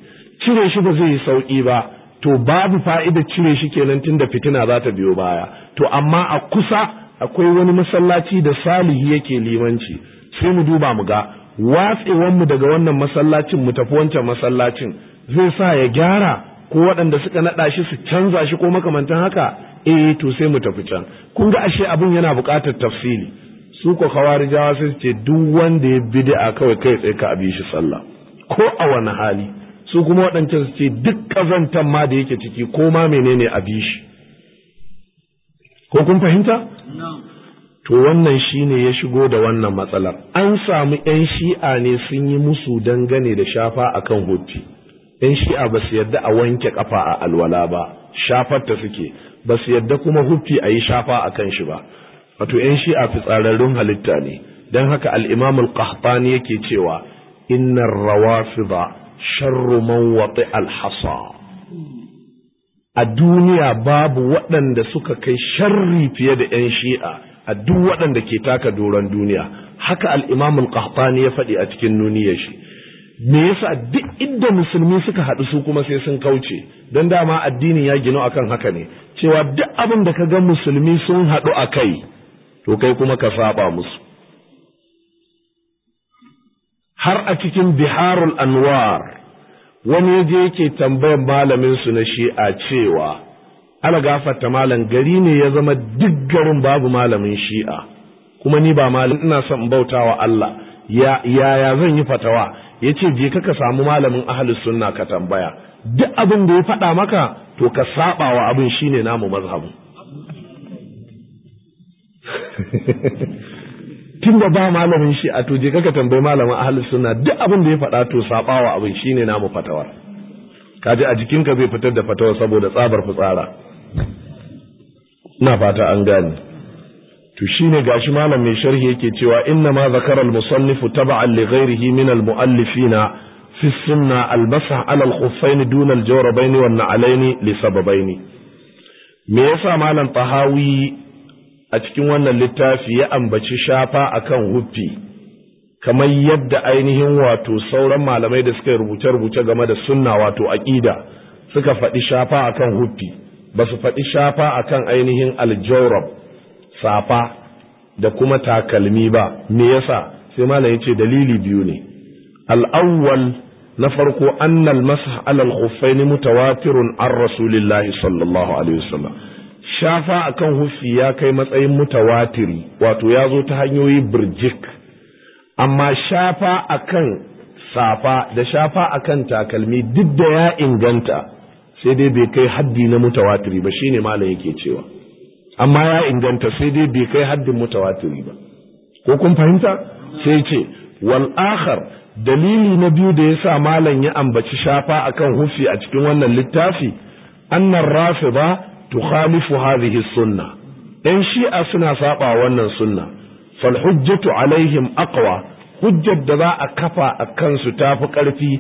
cire shi ba zai yi sauki ba to babu fa'ida cire shi kenan tunda fitina za ta biyo baya to amma a kusa akwai wani masallaci da salihi yake limanci sai mu duba mu ga watsewanmu daga wannan masallacin mu tafi wancan masallacin zai sa ya gyara ko waɗanda suka naɗa shi su canza shi ko makamantan haka eh to sai mu tafi can kun ga ashe abin yana buƙatar tafsili su ko khawarijawa sai ce duk wanda ya bid'a kawai kai tsaye ka abi shi sallah ko a wani hali su kuma waɗancan su ce duk ƙazantan ma da yake ciki ko ma menene abi shi ko kun fahimta to wannan shine ya shigo da wannan matsalar an samu 'yan shi'a ne sun yi musu dangane da shafa a kan hoti 'yan shi'a ba su yadda a wanke kafa a alwala ba shafar ta suke ba su yadda kuma hufi a yi shafa a kan shi ba wato 'yan shi'a fitsararrun halitta ne don haka alimamul al yake cewa inna rawafida sharru man wati al-hasa a duniya babu waɗanda suka kai sharri fiye da 'yan shi'a a duk waɗanda ke taka doron duniya haka alimamul imam ya faɗi a cikin nuniyar shi me yasa duk inda musulmi suka haɗu su kuma sai sun kauce don dama addinin ya gina kan haka ne cewa duk abin da ka ga musulmi sun haɗu a kai to kai kuma ka saba musu har a cikin biharul anwar wani je yake tambayar malamin su na shi'a cewa ana gafarta malam gari ne ya zama duk garin babu malamin shi'a kuma ni ba malam ina son bautawa Allah ya ya zan yi fatawa yace je ka ka samu malamin ahlus sunna ka tambaya duk abin da ya faɗa maka to ka saba wa abin shine namu mazhabu tun da ba malamin shi a to je ka tambayi malamin ahlus sunna duk abin da ya faɗa to saba wa abin shine namu fatawar kaji a jikinka zai fitar da fatawa saboda tsabar fitsara ina fata an gane to shine gashi malam mai sharhi yake cewa inna ma zakara al-musannif tab'an li ghayrihi min al-mu'allifina fi sunna al basah 'ala al khuffain duna al-jawrabayn wan na'alayn li sababain me yasa malam tahawi a cikin wannan littafi ya ambaci shafa akan huffi kamar yadda ainihin wato sauran malamai da suka rubuce-rubuce game da sunna wato aqida suka faɗi shafa akan huffi ba su faɗi shafa akan ainihin aljawrab safa da kuma takalmi ba me yasa sai malam yace dalili biyu ne Al'awwal na farko annal masah alal khuffain mutawatirun an rasulillahi sallallahu alaihi wasallam shafa akan hufi ya kai matsayin mutawatiri wato ya zo ta hanyoyi birjik amma shafa akan safa da shafa akan takalmi duk da ya inganta sai dai bai kai haddi na mutawatiri ba shine malam yake cewa amma ya inganta sai dai bai kai haddin mutawatiri ba ko kun fahimta sai ce wal akhar dalili na biyu da yasa malam ya ambaci shafa akan hufi a cikin wannan littafi annar rafida tukhalifu hadhihi sunna dan shi'a suna saba wannan sunna fal hujjatu alaihim aqwa hujjar da za a kafa a kansu tafi karfi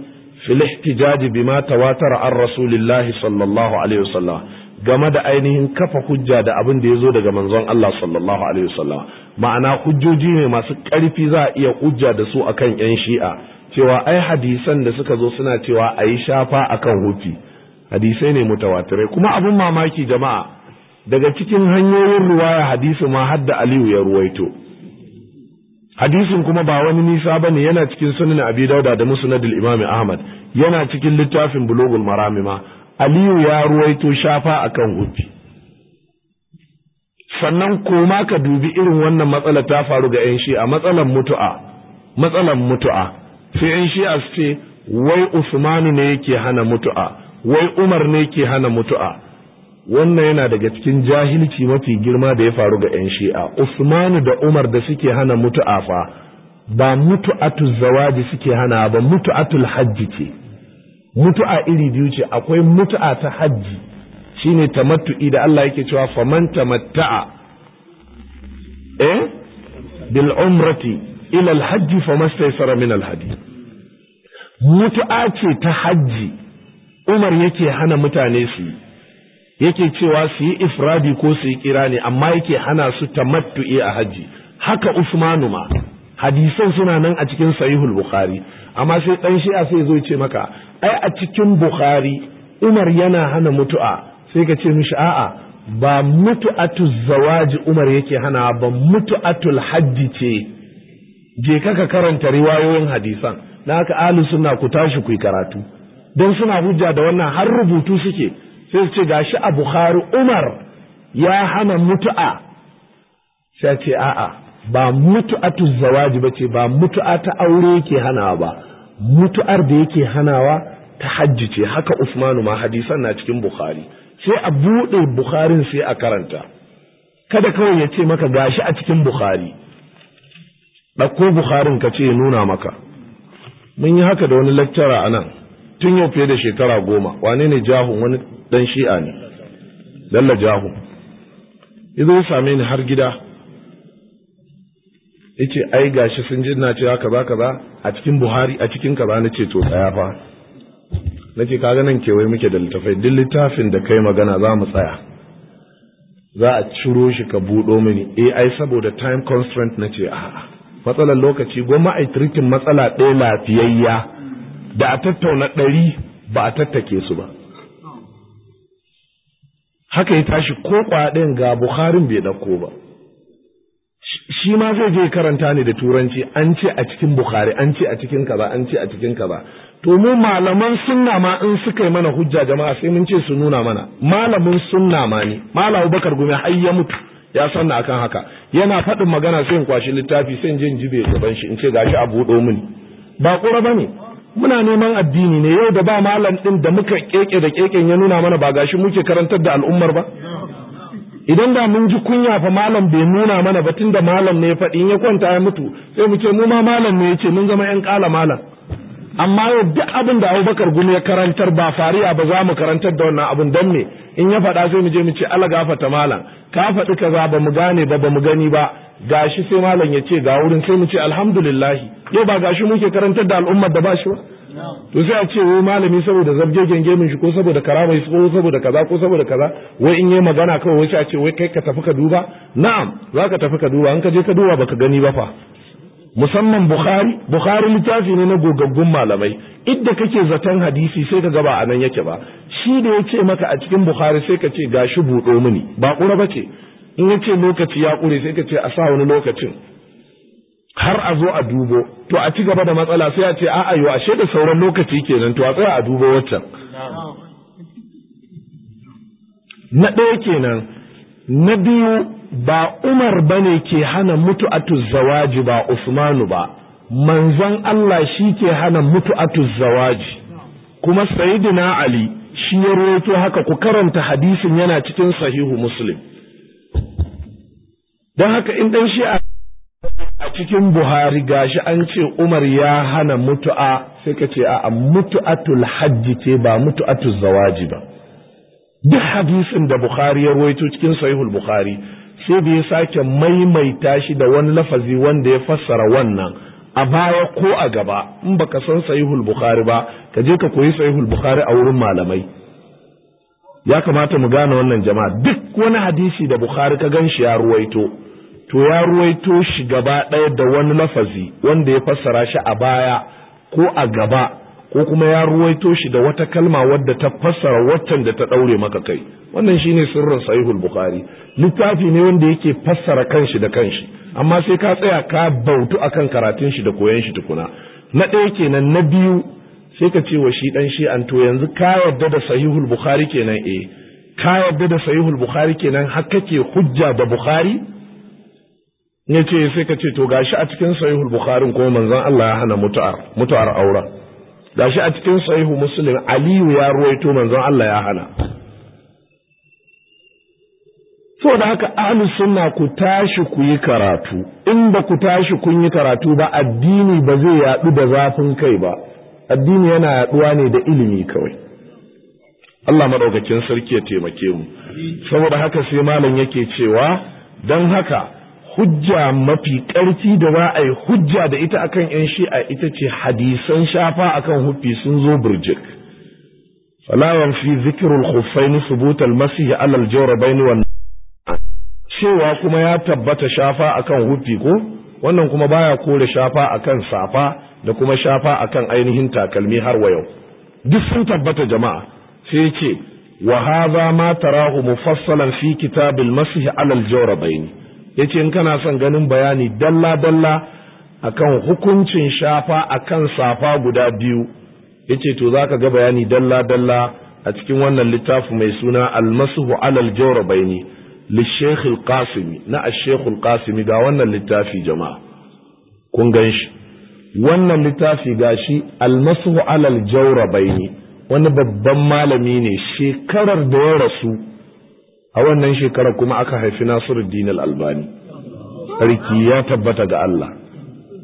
fil ihtijaj tawatar tawatara an rasulillahi sallallahu alaihi wasallam game da ainihin kafa hujja da abinda ya zo daga manzon Allah sallallahu alaihi wasallam ma'ana hujjoji ne masu ƙarfi za a iya hujja da su akan yan shi'a cewa ai hadisan da suka zo suna cewa a yi shafa akan hufi hadisai ne mutawatirai kuma abin mamaki jama'a daga cikin hanyoyin ruwa ruwaya hadisi ma hadda aliyu ya ruwaito hadisin kuma ba wani nisa ba ne yana cikin sunan abi dauda da musnadul imam ahmad yana cikin littafin bulugul marami ma aliyu ya ruwaito shafa akan hubbi sannan koma ka dubi irin wannan matsala ta faru ga yan shi'a matsalan mutu'a matsalan mutu'a sai yan shi'a su ce wai usmanu ne yake hana mutu'a wai umar ne yake hana mutu'a wannan yana daga cikin jahilci mafi girma da ya faru ga 'yan shi'a usmanu da umar da suke hana mutu'a fa ba mutu'atul zawaji suke hana ba mutu'atul hajji ce mutu'a iri biyu ce akwai mutu'a ta hajji shine tamattu'i da Allah yake cewa faman tamatta'a eh bil umrati ila al hajji mastaysara min al hadi mutu'a ce ta hajji umar yake hana mutane su yi yake cewa su yi ifradi ko su yi ne amma yake hana su tamattu'i a hajji haka usmanu ma hadisan suna nan a cikin sahihul bukhari amma sai dan shi'a sai zo ce maka ai a cikin bukhari umar yana hana mutu'a sai ka ce mishi a'a ba mutu'atu zawaji umar yake hana ba mutu'atul haddi ce je ka karanta riwayoyin hadisan na haka ahli sunna ku tashi ku karatu don suna hujja da wannan har rubutu suke sai su ce shi a Bukhari Umar ya hana mutu'a sai ce a'a ba mutu'atu zawaji ba ce ba mutu'a ta aure yake hana ba mutu'ar da yake hanawa ta hajji ce haka Usmanu ma hadisan na cikin Bukhari sai a buɗe Bukharin sai a karanta kada kawai ya ce maka gashi a cikin Bukhari ɗauko Bukharin ka ce nuna maka mun yi haka da wani lecturer a nan tun yau fiye da shekara goma wane ne jahun wani dan shi'a ne lalla jahun ya same ni har gida ya ce ai gashi sun ji na cewa kaza kaza a cikin buhari a cikin kaza na ce to tsaya fa na ce ka nan kewaye muke da littafai duk littafin da kai magana za mu tsaya za a ciro shi ka buɗo mini eh ai saboda time constraint na ce a matsalar lokaci goma ai trikin matsala ɗaya lafiyayya da a tattauna ɗari ba a tattake su ba haka ya tashi ko ɗin ga Buharin bai ɗauko ba shi ma zai je karanta ne da turanci an ce a cikin Bukhari an ce a cikin ba, an ce a cikin ba. to mu malaman sunna ma in suka yi mana hujja jama'a sai mun ce su nuna mana malamin sunna ma ne malam Bakar Gumi har ya mutu ya na akan haka yana faɗin magana sai in kwashi littafi sai in je in jibe gaban shi in ce gashi a buɗo mini ba ƙura ne. muna neman addini ne yau da ba malam din da muka keke da keken ya nuna mana ba gashi muke karantar da al'ummar ba idan da mun ji kunya fa malam bai nuna mana ba tunda malam ne ya faɗi in ya kwanta ya mutu sai mu ce mu ma malam ne ya ce mun zama yan kala malam amma yau duk abin da Abubakar gumi ya karantar ba fariya ba za mu karantar da wannan abun dan ne. in ya faɗa sai mu je mu ce ala gafarta malam ka faɗi kaza ba mu gane ba ba mu gani ba gashi sai malam ya ce ga wurin sai mu ce alhamdulillah yau ba gashi muke karantar da al'ummar da ba shi ba to sai a ce wai oh, malami saboda zabje gengemin shi ko saboda karamai ko saboda kaza ko saboda kaza wai in yi magana kawai wai sai a ce wai kai ka tafi ka duba na'am za ka tafi ka duba in ka je ka duba baka gani ba fa musamman bukhari bukhari littafi ne na gogaggun malamai idda kake zaton hadisi sai ka gaba anan yake ba shi da ya ce maka a cikin bukhari sai ka ce gashi buɗo mini ba ƙura ba ce in ya ce lokaci ya ƙure sai ka ce a sa wani lokacin har a zo a dubo to a ci gaba da matsala sai a ce a'a yo ashe da sauran lokaci kenan to a tsaya a dubo waccan na ɗaya kenan na biyu ba Umar bane ke hana mutu'atu zawaji ba Usmanu ba manzon Allah shi ke hana mutu'atu zawaji kuma Sayyidina Ali shi ya haka ku karanta hadisin yana cikin sahihu Muslim don haka in dan shi a cikin buhari gashi an ce umar ya hana mutu'a sai ka ce a mutu'atul hajji ce ba mutu'atul zawaji ba duk hadisin da buhari ya rawaito cikin sahihul bukhari sai bai sake maimaita shi da wani lafazi wanda ya fassara wannan a baya ko a gaba in baka san sahihul bukhari ba ka je ka koyi sahihul bukhari a wurin malamai ya kamata mu gane wannan jama'a duk wani hadisi da buhari ka gan shi ya ruwaito to ya ruwaito shi gaba ɗaya da wani lafazi wanda ya fassara shi a baya ko a gaba ko kuma ya ruwaito shi da wata kalma wadda ta fassara watan da ta ɗaure maka kai wannan shine sirrin sahihul bukhari littafi ne wanda yake fassara kanshi da kanshi amma sai ka tsaya ka bautu akan karatun shi da koyon shi tukuna na ɗaya kenan na biyu sai ka ce wa shi ɗan shi an to yanzu ka yarda da sahihul bukhari kenan eh ka yarda da sahihul bukhari kenan har kake hujja da bukhari ya ce sai ka ce to gashi a cikin sahihul bukhari ko manzon Allah ya hana mutu'ar mutu'ar aura gashi a cikin sahihu muslim aliyu ya ruwaito manzon Allah ya hana da haka ahlus sunna ku tashi ku yi karatu in ba ku tashi kun yi karatu ba addini ba zai yaɗu da zafin kai ba addini yana yaɗuwa ne da ilimi kawai Allah madaukakin sarki ya taimake mu saboda haka sai malam yake cewa don haka hujja mafi ƙarfi da za a yi hujja da ita akan yan shi'a ita ce hadisan shafa akan hufi sun zo burjik falawan fi zikirul khuffain subut al-masih ala al-jawrabain cewa kuma ya tabbata shafa akan hufi ko wannan kuma baya kore shafa akan safa da kuma shafa akan ainihin takalmi har wa yau duk sun tabbata jama'a sai ce wa hadha ma tarahu mufassalan fi kitabil masih alal al-jawrabain ya ce in kana son ganin bayani dalla-dalla akan hukuncin shafa akan safa guda biyu ya ce to za ka ga bayani dalla-dalla a cikin wannan littafi mai suna almasuhu alal bayani lishekul kasimi na ashekul Kasimi? ga wannan littafi jama'a kun gan shi wannan littafi ga shi almasuhu alal bayani wani babban malami ne shekarar da ya rasu a wannan shekara kuma aka haifi Nasiruddin Al-Albani sarki ya tabbata ga Allah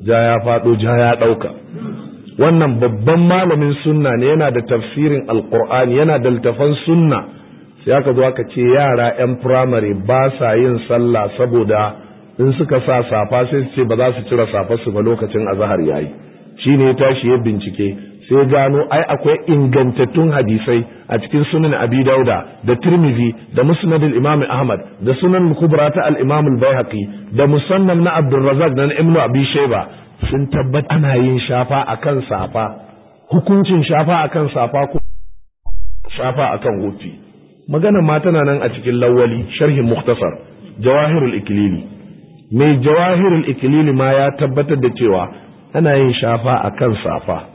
ja ya fado ja ya dauka wannan babban malamin sunna ne yana da tafsirin alqur'ani yana da littafan sunna sai aka zo aka ce yara yan firamare ba sa yin sallah saboda in suka sa safa sai su ce ba za su cire safa su ba lokacin azhar yayi shine ya tashi ya bincike sai gano ai akwai ingantattun hadisai a cikin sunan abi dauda da tirmizi da musnad al-imam ahmad da sunan kubra ta al-imam al-baihaqi da musannam na abdurrazzaq da ibnu abi shayba sun tabbata ana yin shafa akan safa hukuncin shafa akan safa ko shafa akan hufi magana ma tana nan a cikin lawali sharhi mukhtasar jawahirul ikilili mai jawahirul ikilili ma ya tabbatar da cewa ana yin shafa akan safa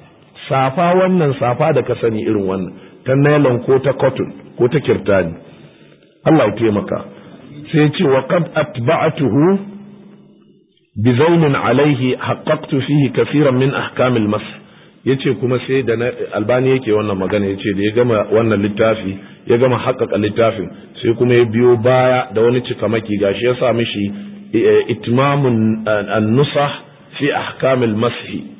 safa wannan safa da ka sani irin wannan ta nylon ko ta cotton ko ta kirtani Allah ya taimaka sai ya ce wa qad atba'tuhu bi zaynin alaihi haqqaqtu fihi kaseeran min al mas yace kuma sai da na albani yake wannan magana yace da ya gama wannan littafi ya gama haƙaƙa littafin sai kuma ya biyo baya da wani cikamaki gashi ya sa mishi eh, itmamun eh, an-nusah fi ahkamil mashi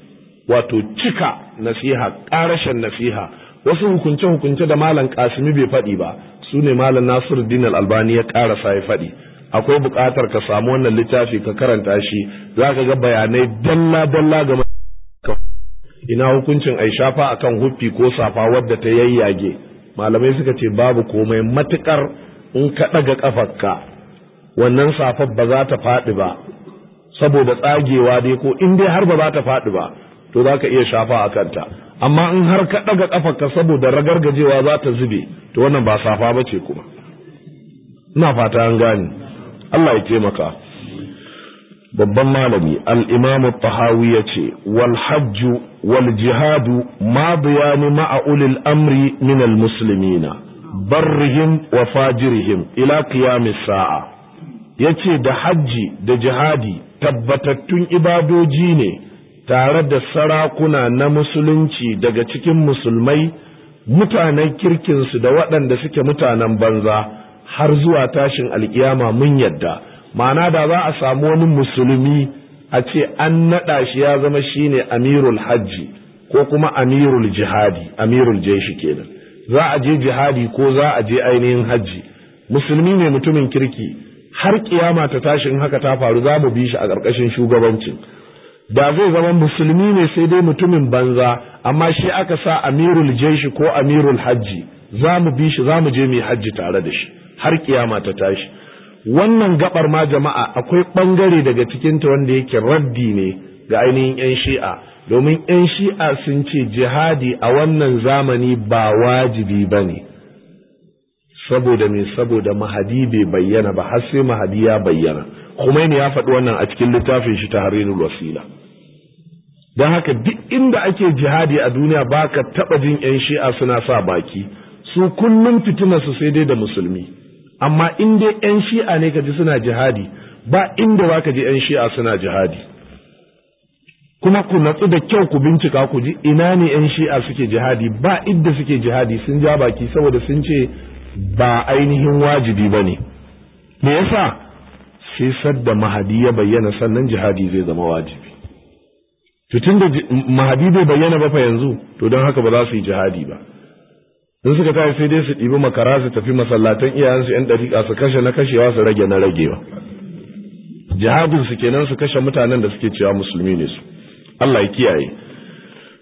wato cika nasiha ƙarashen nasiha wasu hukunce-hukunce da malam kasimi bai faɗi ba su ne malam nasiru dinar albani ya ƙarasa ya faɗi akwai buƙatar ka samu wannan littafi ka karanta shi za ka ga bayanai dalla-dalla ga ina hukuncin ai shafa akan huffi ko safa wadda ta yayyage malamai suka ce babu komai matukar in ka ɗaga ƙafarka wannan safar ba za ta faɗi ba saboda tsagewa dai ko in dai har ba za ta faɗi ba to za ka iya shafa a kanta amma in har ka ɗaga ƙafarka saboda ragargajewa za ta zube to wannan ba safa ba ce kuma ina fata an gane Allah ya taimaka babban malami al'imamu tahawi ya ce wal hajju wal jihadu ma bayani ma'a ulil amri min al muslimina barrihim wa fajirihim ila qiyamis sa'a yace da hajji da jihadi tabbatattun ibadoji ne tare da sarakuna na musulunci daga cikin musulmai mutanen kirkinsu da waɗanda suke mutanen banza har zuwa tashin alkiyama mun yadda ma'ana da za a samu wani musulmi a ce an naɗa shi ya zama shine amirul hajji ko kuma amirul jihadi amirul jeshi kenan za a je jihadi ko za a je ainihin hajji musulmi ne mutumin kirki har ƙiyama ta tashin haka ta faru za mu bi shi a ƙarƙashin shugabancin da zai zama musulmi ne sai dai mutumin banza amma shi aka sa amirul jaishi ko amirul hajji za mu bi shi za mu je mu hajji tare da shi har kiyama ta tashi wannan gabar ma jama'a akwai bangare daga cikin ta wanda yake raddi ne ga ainihin yan shi'a domin yan shi'a sun ce jihadi a wannan zamani ba wajibi bane saboda me saboda mahadi bai bayyana ba har sai mahadi ya bayyana Khomeini ya faɗi wannan a cikin littafin shi tahrirul wasila don haka duk inda ake jihadi a duniya ba ka taɓa jin 'yan shi'a suna sa baki su kullum fitina su sai dai da musulmi amma in dai 'yan shi'a ne ka ji suna jihadi ba inda baka ka ji 'yan shi'a suna jihadi kuma ku natsu da kyau ku bincika ku ji ina ne 'yan shi'a suke jihadi ba inda suke jihadi sun ja baki saboda sun ce ba ainihin wajibi ba ne me yasa sai sadda mahadi ya bayyana sannan jihadi zai zama wajibi to da mahadi bai bayyana ba fa yanzu to don haka ba za su yi jihadi ba in suka tashi sai dai su ɗibi makara su tafi masallatan iyayensu yan ɗariƙa su kashe na kashewa su rage na ragewa jihadin su kenan su kashe mutanen da suke cewa musulmi ne su Allah ya kiyaye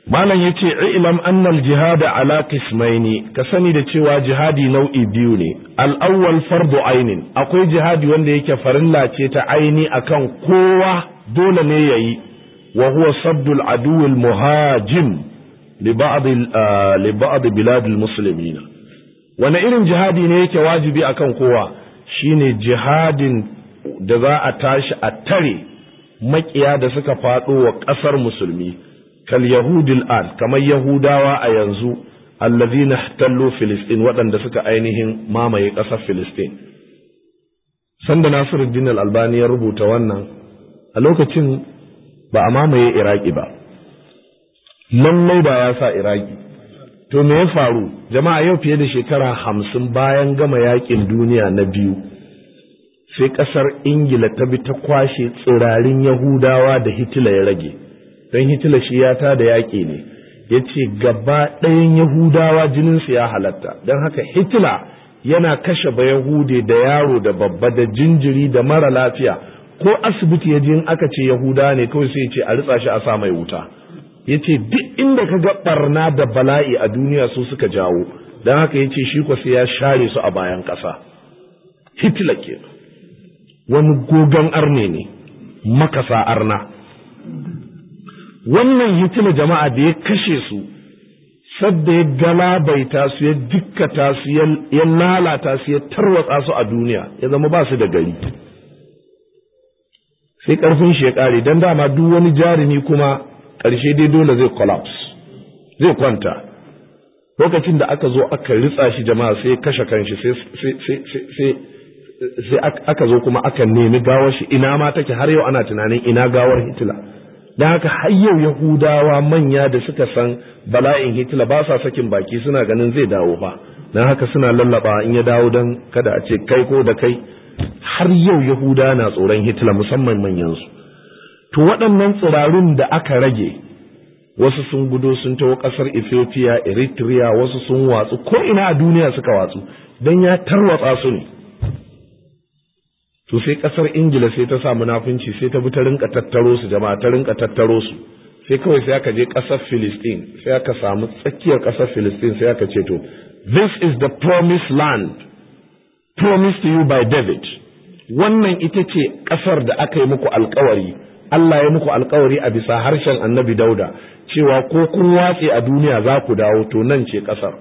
malam ya ce ilam annal jihada ala qismaini ka sani da cewa jihadi nau'i biyu ne al'awwal fardu ainin akwai jihadi wanda yake farilla ce ta aini akan kowa dole ne yayi wa huwa sabdul aduwil muhajim liba'ad ba'd li ba'd ah, irin jihadi ne yake wajibi akan kowa shine jihadin da za a tashi a tare makiya da suka faɗo wa ƙasar musulmi kal yahudil an kamar yahudawa a yanzu allazina ihtallu filistin waɗanda suka ainihin mamaye ƙasar filistin sanda nasiruddin al-albani ya rubuta wannan a lokacin ba a mamaye iraki ba lallai ba ya sa iraki to me ya faru jama'a yau fiye da shekara hamsin bayan gama yakin duniya na biyu sai ƙasar ingila ta bi ta kwashe tsirarin yahudawa da hitila ya rage don hitila shi ya ta da yaƙi ne yace ce gaba ɗayan yahudawa jininsu ya halatta don haka hitila yana kashe ba yahude da yaro da babba da jinjiri da mara lafiya ko asibiti ya in aka ce yahuda ne kawai sai ce a ritsa shi a sa mai wuta Yace duk inda ka ga barna da bala'i a duniya su suka jawo don haka yace ce shi kwa sai ya share su a bayan ƙasa hitler ke wani gogon arne ne makasa arna wannan hitila jama'a da ya kashe su sadda ya galabaita su ya dikkata su ya lalata su ya tarwatsa su a duniya ya zama ba su da gari sai karfin shi ya don dama duk wani jarumi kuma ƙarshe dai dole zai collapse zai kwanta lokacin da aka zo aka ritsa shi jama'a sai ya kashe kanshi sai aka zo kuma aka nemi gawar shi ina ma take har yau ana tunanin ina gawar hitila da haka har yau yahudawa manya da suka san bala'in hitler ba sa sakin baki suna ganin zai dawo ba Na haka suna lallaba in ya dawo don kada a ce kai ko da kai har yau yahuda na tsoron hitler musamman manyansu to waɗannan tsirarun da aka rage wasu sun gudo sun tawo ƙasar ethiopia eritrea wasu sun watsu ko ina a duniya suka watsu don ya tarwatsa su ne to sai kasar ingila sai ta sa munafunci sai ta bi ta rinka tattaro su jama'a ta rinka tattaro su sai kawai sai aka je kasar filistin sai aka samu tsakiyar kasar filistin sai aka ce to this is the promised land promised to you by david wannan ita ce kasar da aka yi muku alkawari Allah ya muku alkawari a bisa harshen annabi dauda cewa ko kun watse a duniya za ku dawo to nan ce kasar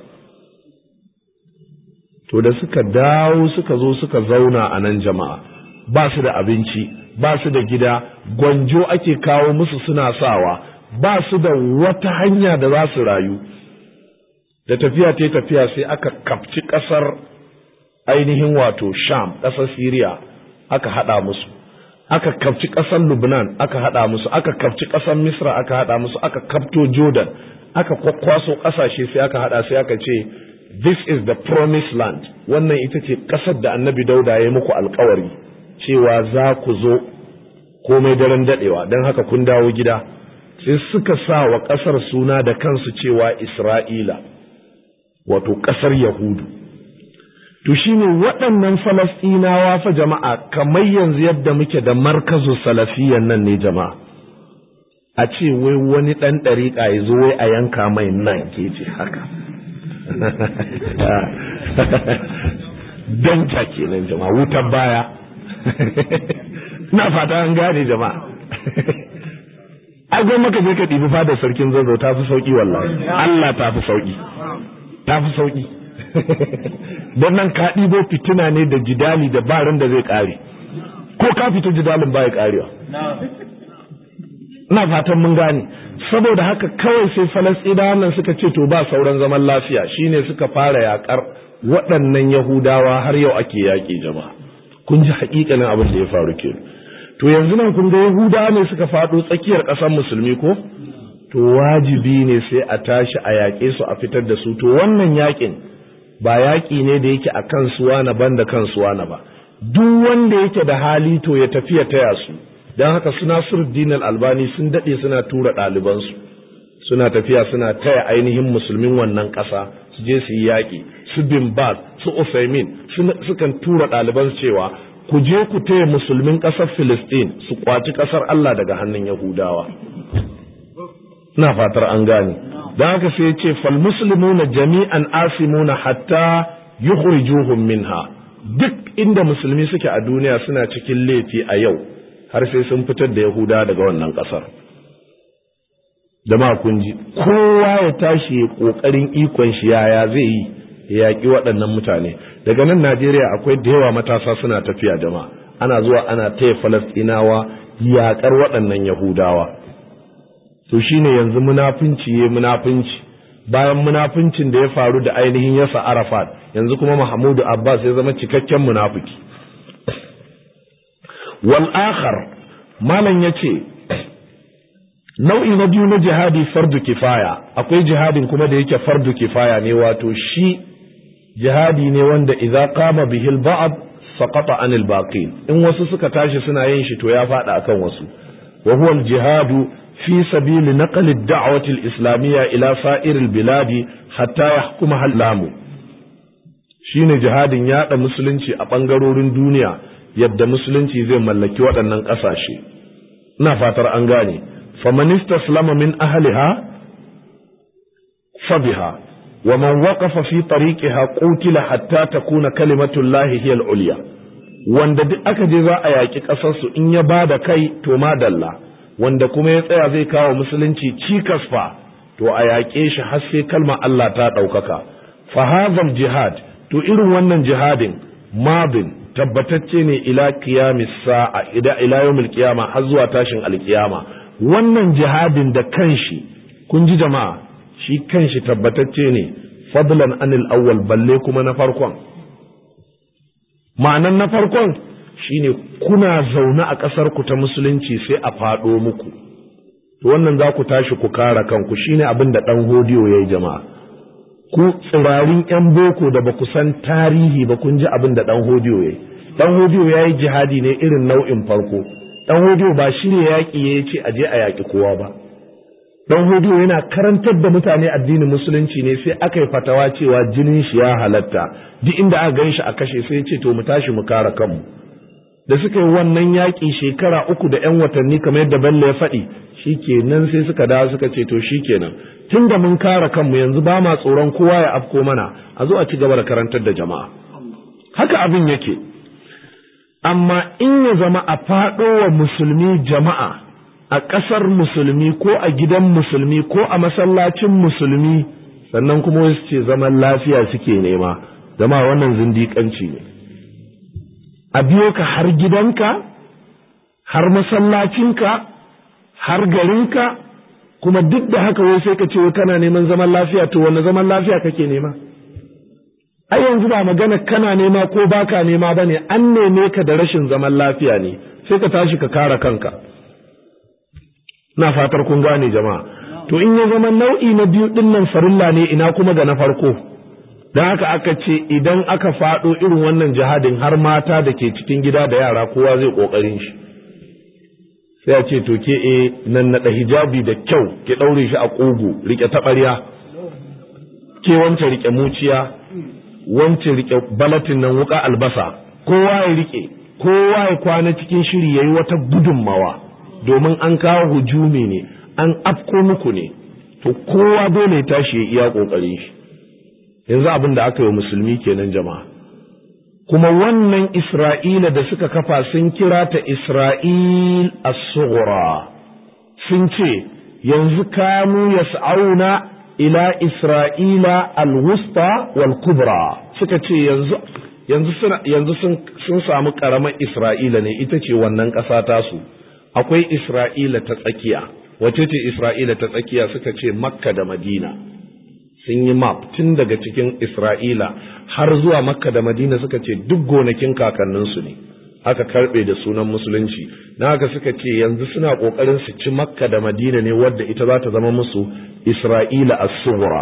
to da suka dawo suka zo suka zauna a nan jama'a ba su da abinci ba su da gida gwanjo ake kawo musu suna sawa ba su da wata hanya da za su rayu da tafiya ta tafiya sai aka kafci ƙasar ainihin wato sham ƙasar siriya aka haɗa musu aka kafci ƙasar lubnan aka haɗa musu aka kafci ƙasar misra aka haɗa musu aka kafto jordan aka kwakwaso ƙasashe sai aka haɗa sai aka ce this is the promised land wannan ita ce ƙasar da annabi dauda ya yi muku alkawari cewa za ku zo komai daren daɗewa. don haka kun dawo gida sai suka sa wa ƙasar suna da kansu cewa isra'ila wato ƙasar yahudu to shine waɗannan falastinawa fa jama'a kamar yanzu yadda muke da markazu salafiyan nan ne jama'a a ce wai wani ɗan ɗariƙa ya wai a yanka mai nan keji haka danta kenan jama'a wutar baya na fata an gane jama'a agon maka je ka ɗibi fadar sarkin zazzau ta fi sauƙi wallahi Allah ta fi sauƙi ta fi sauƙi don nan ka ɗibo fitina ne da jidali da barin da zai ƙare ko ka fito jidalin ba ya ƙarewa ina fatan mun gane saboda haka kawai sai falasɗinawa nan suka ce to ba sauran zaman lafiya shine suka fara yakar waɗannan yahudawa har yau ake yaƙi jama'a kun ji haƙiƙanin abin da ya faru ke to yanzu nan kun ga yahuda ne suka faɗo tsakiyar ƙasar musulmi ko to wajibi ne sai a tashi a yaƙe su a fitar da su to wannan yaƙin ba yaƙi ne da yake a kan suwa na ban da kan suwa na ba duk wanda yake da hali to ya tafi ya taya su don haka suna surdin albani sun daɗe suna tura ɗalibansu suna tafiya suna taya ainihin musulmin wannan ƙasa su je su yi yaƙi su bin bas su Usaimin sukan tura ɗaliban cewa ku je ku taya musulmin ƙasar Filistin su kwaci ƙasar Allah daga hannun Yahudawa. Na fatar an gane. Da haka sai ce fal na jami'an asimuna hatta yukhrijuhum minha. Duk inda musulmi suke a duniya suna cikin laifi a yau har sai sun fitar da Yahuda daga wannan ƙasar. Da ma kun ji kowa ya tashi ƙoƙarin ikon shi yaya zai yi yaƙi waɗannan mutane daga nan najeriya akwai da yawa matasa suna tafiya jama'a ana zuwa ana taya falastinawa yaƙar waɗannan yahudawa to shi ne yanzu munafunci ya munafunci bayan munafuncin da ya faru da ainihin yasa arafat yanzu kuma mahmudu abbas ya zama cikakken munafiki wal akhar malam yace nau'i na biyu na jihadi fardu kifaya akwai jihadin kuma da yake fardu kifaya ne wato shi jihadi ne wanda idza qama bihi al-ba'd saqata an al-baqin in wasu suka tashi suna yin shi to ya fada akan wasu wa huwa al-jihadu fi sabili naql ad-da'wati al-islamiyya ila sa'ir al-biladi hatta yahkuma al-lamu shine jihadin yaɗa musulunci a bangarorin duniya yadda musulunci zai mallaki waɗannan ƙasashe ina fatar an gane faman istaslama min ahliha fabiha wa man waqafa fi tariqiha qutila hatta takuna kalimatullahi hiya al wanda duk aka je za a yaƙi ƙasarsu in ya ba da kai to madalla wanda kuma ya tsaya zai kawo musulunci cikas fa to a yaƙe shi har sai kalma Allah ta ɗaukaka fahazam jihad to irin wannan jihadin mabin tabbatacce ne ila qiyamis sa'a ila ila yawmil qiyama har zuwa tashin alkiyama. wannan jihadin da kanshi kun ji jama'a shi kanshi tabbatacce ne fadlan anil awwal balle kuma na farkon ma'anan na farkon shine kuna zaune a ƙasar ku ta musulunci sai a faɗo muku to wannan za ku tashi ku kara kanku shine abin da ɗan hodiyo ya yi jama'a ku tsirarin yan boko da ba ku san tarihi ba kun ji abin da ɗan hodiyo ya yi ɗan hodiyo ya yi jihadi ne irin nau'in farko ɗan hodiyo ba shi ne yaƙi ya ce a je a yaƙi kowa ba don hudu yana karantar da mutane addinin musulunci ne sai aka yi fatawa cewa jinin shi ya halatta duk inda aka gan shi a kashe sai ce to mu tashi mu kara kanmu da suka yi wannan yaƙi shekara uku da ‘yan watanni kamar yadda Bello ya faɗi shi kenan sai suka dawo suka ce to shi kenan tun da mun kara kanmu yanzu ba ma tsoron kowa ya afko mana a zo a ci gaba da karantar da jama'a haka abin yake amma in ya zama a faɗo wa musulmi jama'a a ƙasar musulmi ko a gidan musulmi ko a masallacin musulmi sannan kuma wasu ce zaman lafiya suke nema zama wannan zindikanci ne a biyo ka har gidanka har masallacinka har garinka kuma duk da haka wai sai ka ce kana neman zaman lafiya to wanne zaman lafiya kake nema ai yanzu ba magana kana nema ko baka nema bane an neme ka da rashin zaman lafiya ne sai ka tashi ka kare kanka na fatar kun gane jama'a to in ya zama nau'i na biyu din nan farilla ne ina kuma ga na farko dan haka aka ce idan aka faɗo irin wannan jihadin har mata da ke cikin gida da yara kowa zai kokarin shi sai a ce to ke e nan naɗa hijabi da kyau ki ɗaure shi a ƙugu rike taɓarya ke wance rike muciya wance rike balatin nan wuka albasa kowa ya rike kowa ya kwana cikin shiri yayi wata gudunmawa domin an kawo hujumi ne an afko muku ne to kowa dole ya tashi ya iya ƙoƙari. yanzu abin da aka yi musulmi kenan jama'a kuma wannan isra'ila da suka kafa sun kira ta isra'il as-sughra sun ce yanzu ya yas'auna ila isra'ila al-wusta wal kubra suka ce yanzu yanzu sun samu karamar isra'ila ne ita ce wannan ƙasa tasu akwai isra'ila ta tsakiya wace ce isra'ila ta tsakiya suka ce makka da madina sun yi map tun daga cikin isra'ila har zuwa makka da madina suka ce duk gonakin kakanninsu ne aka karbe da sunan musulunci na haka suka ce yanzu suna kokarin su ci makka da madina ne wadda ita za ta zama musu isra'ila as-sughra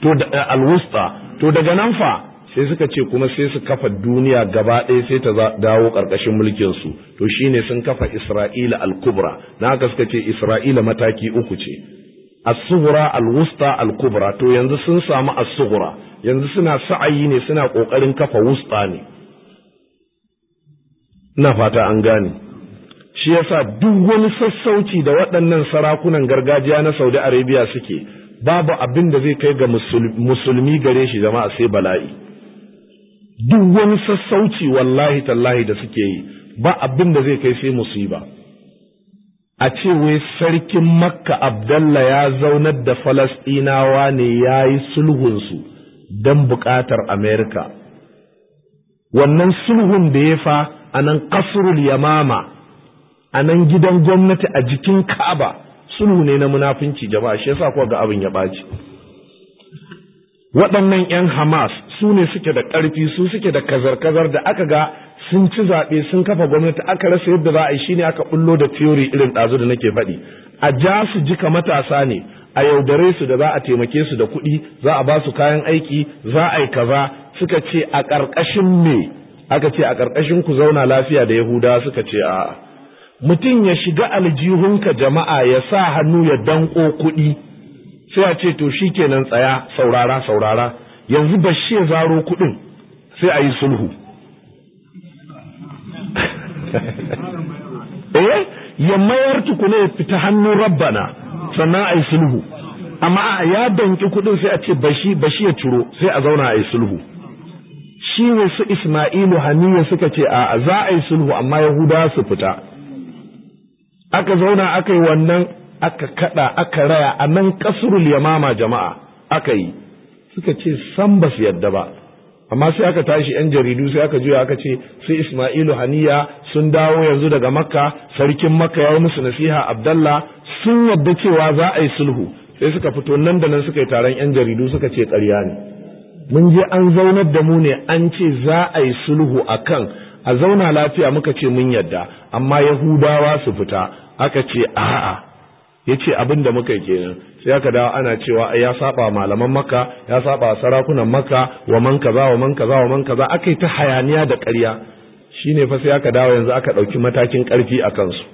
to da al-wusta to daga nan fa sai suka ce kuma sai su kafa duniya gaba ɗaya sai ta dawo ƙarƙashin mulkinsu to shine sun kafa isra'ila al-kubra na haka suka ce isra'ila mataki uku ce as-sughra al-wusta al-kubra to yanzu sun samu as-sughra yanzu suna sa'ayi ne suna ƙoƙarin kafa wusta ne ina fata an gane shi yasa duk wani sassauci da waɗannan sarakunan gargajiya na Saudi Arabia suke babu abin da zai kai ga musulmi gare shi jama'a sai bala'i duk wani sassauci wallahi tallahi da suke yi ba abin da zai kai sai musiba a ce wai sarkin makka abdallah ya zaunar da falasɗinawa ne ya yi sulhunsu don buƙatar amerika wannan sulhun da ya fa a nan ƙasarul yamama a nan gidan gwamnati a jikin ka'aba sulhu ne na munafunci jama'a shi yasa kuwa ga abin ya ɓaci waɗannan 'yan hamas su ne suke da ƙarfi su suke da kazar-kazar da aka ga sun ci zaɓe sun kafa gwamnati aka rasa yadda za a yi shine aka ɓullo da teori irin ɗazu da nake faɗi a ja su jika matasa ne a yaudare su da za a taimake su da kuɗi za a ba su kayan aiki za a yi kaza suka ce a ƙarƙashin me aka ce a ƙarƙashin ku zauna lafiya da yahuda suka ce a mutum ya shiga aljihunka jama'a ya sa hannu ya danƙo kuɗi sai a ce to shi kenan tsaya saurara saurara yanzu ba shi zaro kudin sai a yi sulhu eh ya mayar tukuna ya fita hannun rabbana sannan a yi sulhu amma ya danki kuɗin sai a ce bashi bashi ya ciro sai a zauna a yi sulhu shi ne su Ismailu Haniya suka ce a za a yi sulhu amma Yahuda su fita aka zauna aka yi wannan aka kada aka raya a nan kasurul yamama jama'a aka yi suka ce san ba su yadda ba amma sai aka tashi yan jaridu sai aka juya aka ce sai Ismailu Haniya sun dawo yanzu daga Makka sarkin Makka ya yi musu nasiha Abdallah sun yadda cewa za a yi sulhu sai suka fito nan da nan suka yi taron yan jaridu suka ce ƙarya ne mun je an zaunar da mu ne an ce za a yi sulhu akan a zauna lafiya muka ce mun yadda amma Yahudawa su fita aka ce a'a Ya ce abin da muka kenan sai aka dawo ana cewa ya saba malaman maka, ya saba sarakunan maka, wa man kaza wa man kaza wa man kaza akai ta hayaniya da ƙarya shine fa sai aka dawo yanzu aka ɗauki matakin ƙarfi a kansu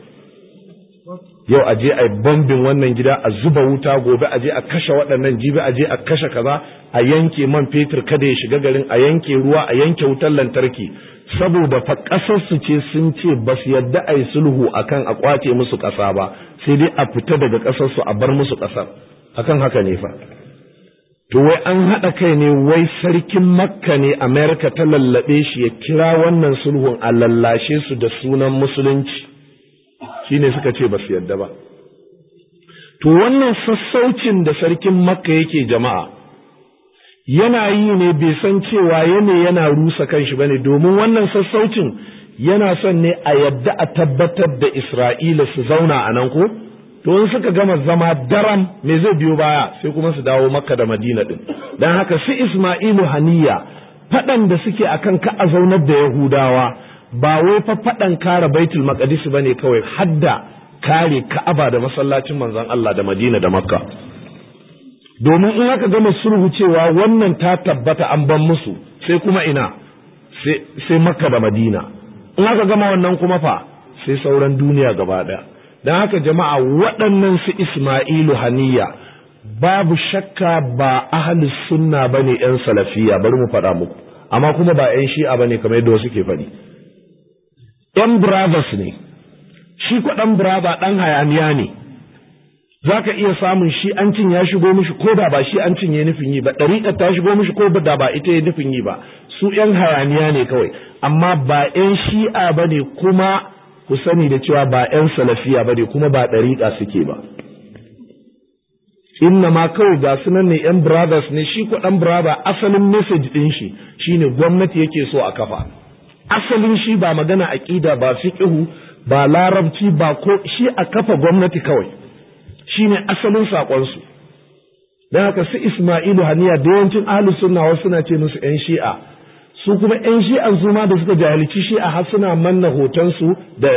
yau a je a bombin wannan gida a zuba wuta gobe a je a kashe waɗannan jibi a je a kashe kaza a yanke man fetur kada ya shiga garin a yanke ruwa a yanke wutar lantarki saboda fa ƙasarsu ce sun ce ba su yadda a yi sulhu akan a kwace musu ƙasa ba sai dai a fita daga ƙasarsu a bar musu ƙasar akan haka ne fa to wai an haɗa kai ne wai sarkin makka ne amerika ta lallaɓe shi ya kira wannan sulhun a lallashe su da sunan musulunci shine suka ce ba su yadda ba to wannan sassaucin da sarkin makka yake jama'a yana yi ne bai san cewa yana yana rusa kanshi ne domin wannan sassaucin yana son ne a yadda a tabbatar da isra'ila su zauna a nan ko to in suka gama zama daram me zai biyo baya sai kuma su dawo makka da madina ɗin. Dan haka su isma'ilu haniya faɗan da suke akan ka a zaunar da yahudawa ba wai fa faɗan kare baitul maqdis bane kawai hadda kare ka'aba da masallacin manzon Allah da madina da makka domin in aka gama sulhu cewa wannan ta tabbata an ban musu sai kuma ina sai makka da madina in aka gama wannan kuma fa sai sauran duniya gaba ɗaya don haka jama'a waɗannan su ismailu haniya babu shakka ba ahli sunna ba ne ‘yan salafiya bari mu faɗa muku amma kuma ba ‘yan shi'a ba ne kamar yadda wasu ke faɗi ‘yan brothers ne shi kwaɗan brother ɗan hayaniya ne za ka iya samun shi an cin ya shigo mishi ko da ba shi an cin ya nufin yi ba ɗariƙar ta shigo mishi ko da ba ita ya nufin yi ba su ‘yan hayaniya ne kawai amma ba 'yan shi'a ba ne kuma ku sani da cewa ba 'yan salafiya ba ne kuma ba ɗariƙa suke ba inna ma kawai ga sunan ne 'yan brothers ne shi kuɗan brother asalin message ɗin shi shi ne gwamnati yake so a kafa asalin shi ba magana aƙida ba fiƙihu ba larabci ba ko shi a kafa gwamnati kawai Shi ne asalin saƙonsu don haka su ismailu haniya da yawancin ahlus sunna wasu suna ce musu 'yan shi'a su kuma yan shi'an zuma zuma da suka jahilci shi'a har suna manna hotonsu da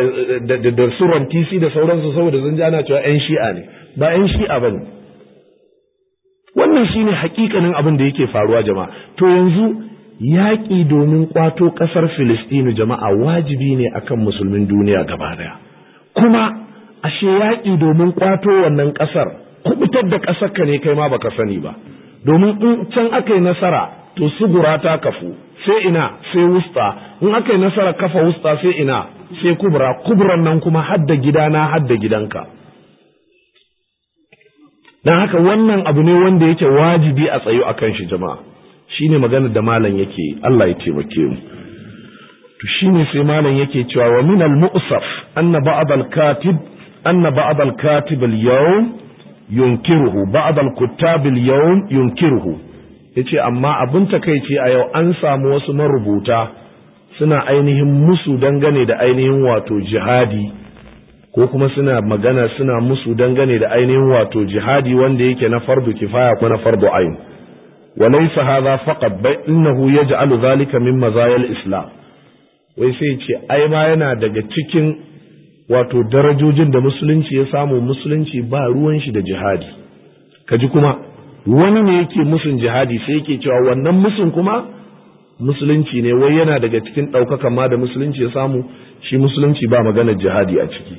da suran tc da sauransu saboda zan jana cewa yan shi'a ne ba yan shi'a ba ne wannan shine hakikanin abin da yake faruwa jama'a to yanzu yaƙi domin kwato ƙasar filistinu jama'a wajibi ne akan musulmin duniya gaba daya kuma ashe yaƙi domin ƙwato wannan ƙasar kubutar da ƙasar ka ne kai ma baka sani ba domin in can aka yi nasara to sugura ta kafu sai ina sai wusta in aka yi nasara kafa wusta sai ina sai kubra kubran nan kuma hadda gidana hadda gidanka dan haka wannan abu ne wanda yake wajibi a tsayo akan shi jama'a shine maganar da malam yake Allah ya taimake mu to shine sai malam yake cewa wa min al-mu'saf anna ba'd al-katib anna ba'd al-katib al-yawm yunkiruhu ba'd al-kuttab al-yawm yunkiruhu ya ce amma abin takaici a yau an samu wasu marubuta suna ainihin musu dangane da ainihin wato jihadi ko kuma suna magana suna musu dangane da ainihin wato jihadi wanda yake na fardu kifaya ko na fardu ayin walaysa hadha faqat bai innahu yaj'alu zalika min mazayil islam wai sai ce ai ma yana daga cikin wato darajojin da musulunci ya samu musulunci ba ruwan shi da jihadi Ka ji kuma wani ne yake musun jihadi sai yake cewa wannan musun kuma musulunci ne wai yana daga cikin ɗaukaka ma da musulunci ya samu shi musulunci ba maganar jihadi a ciki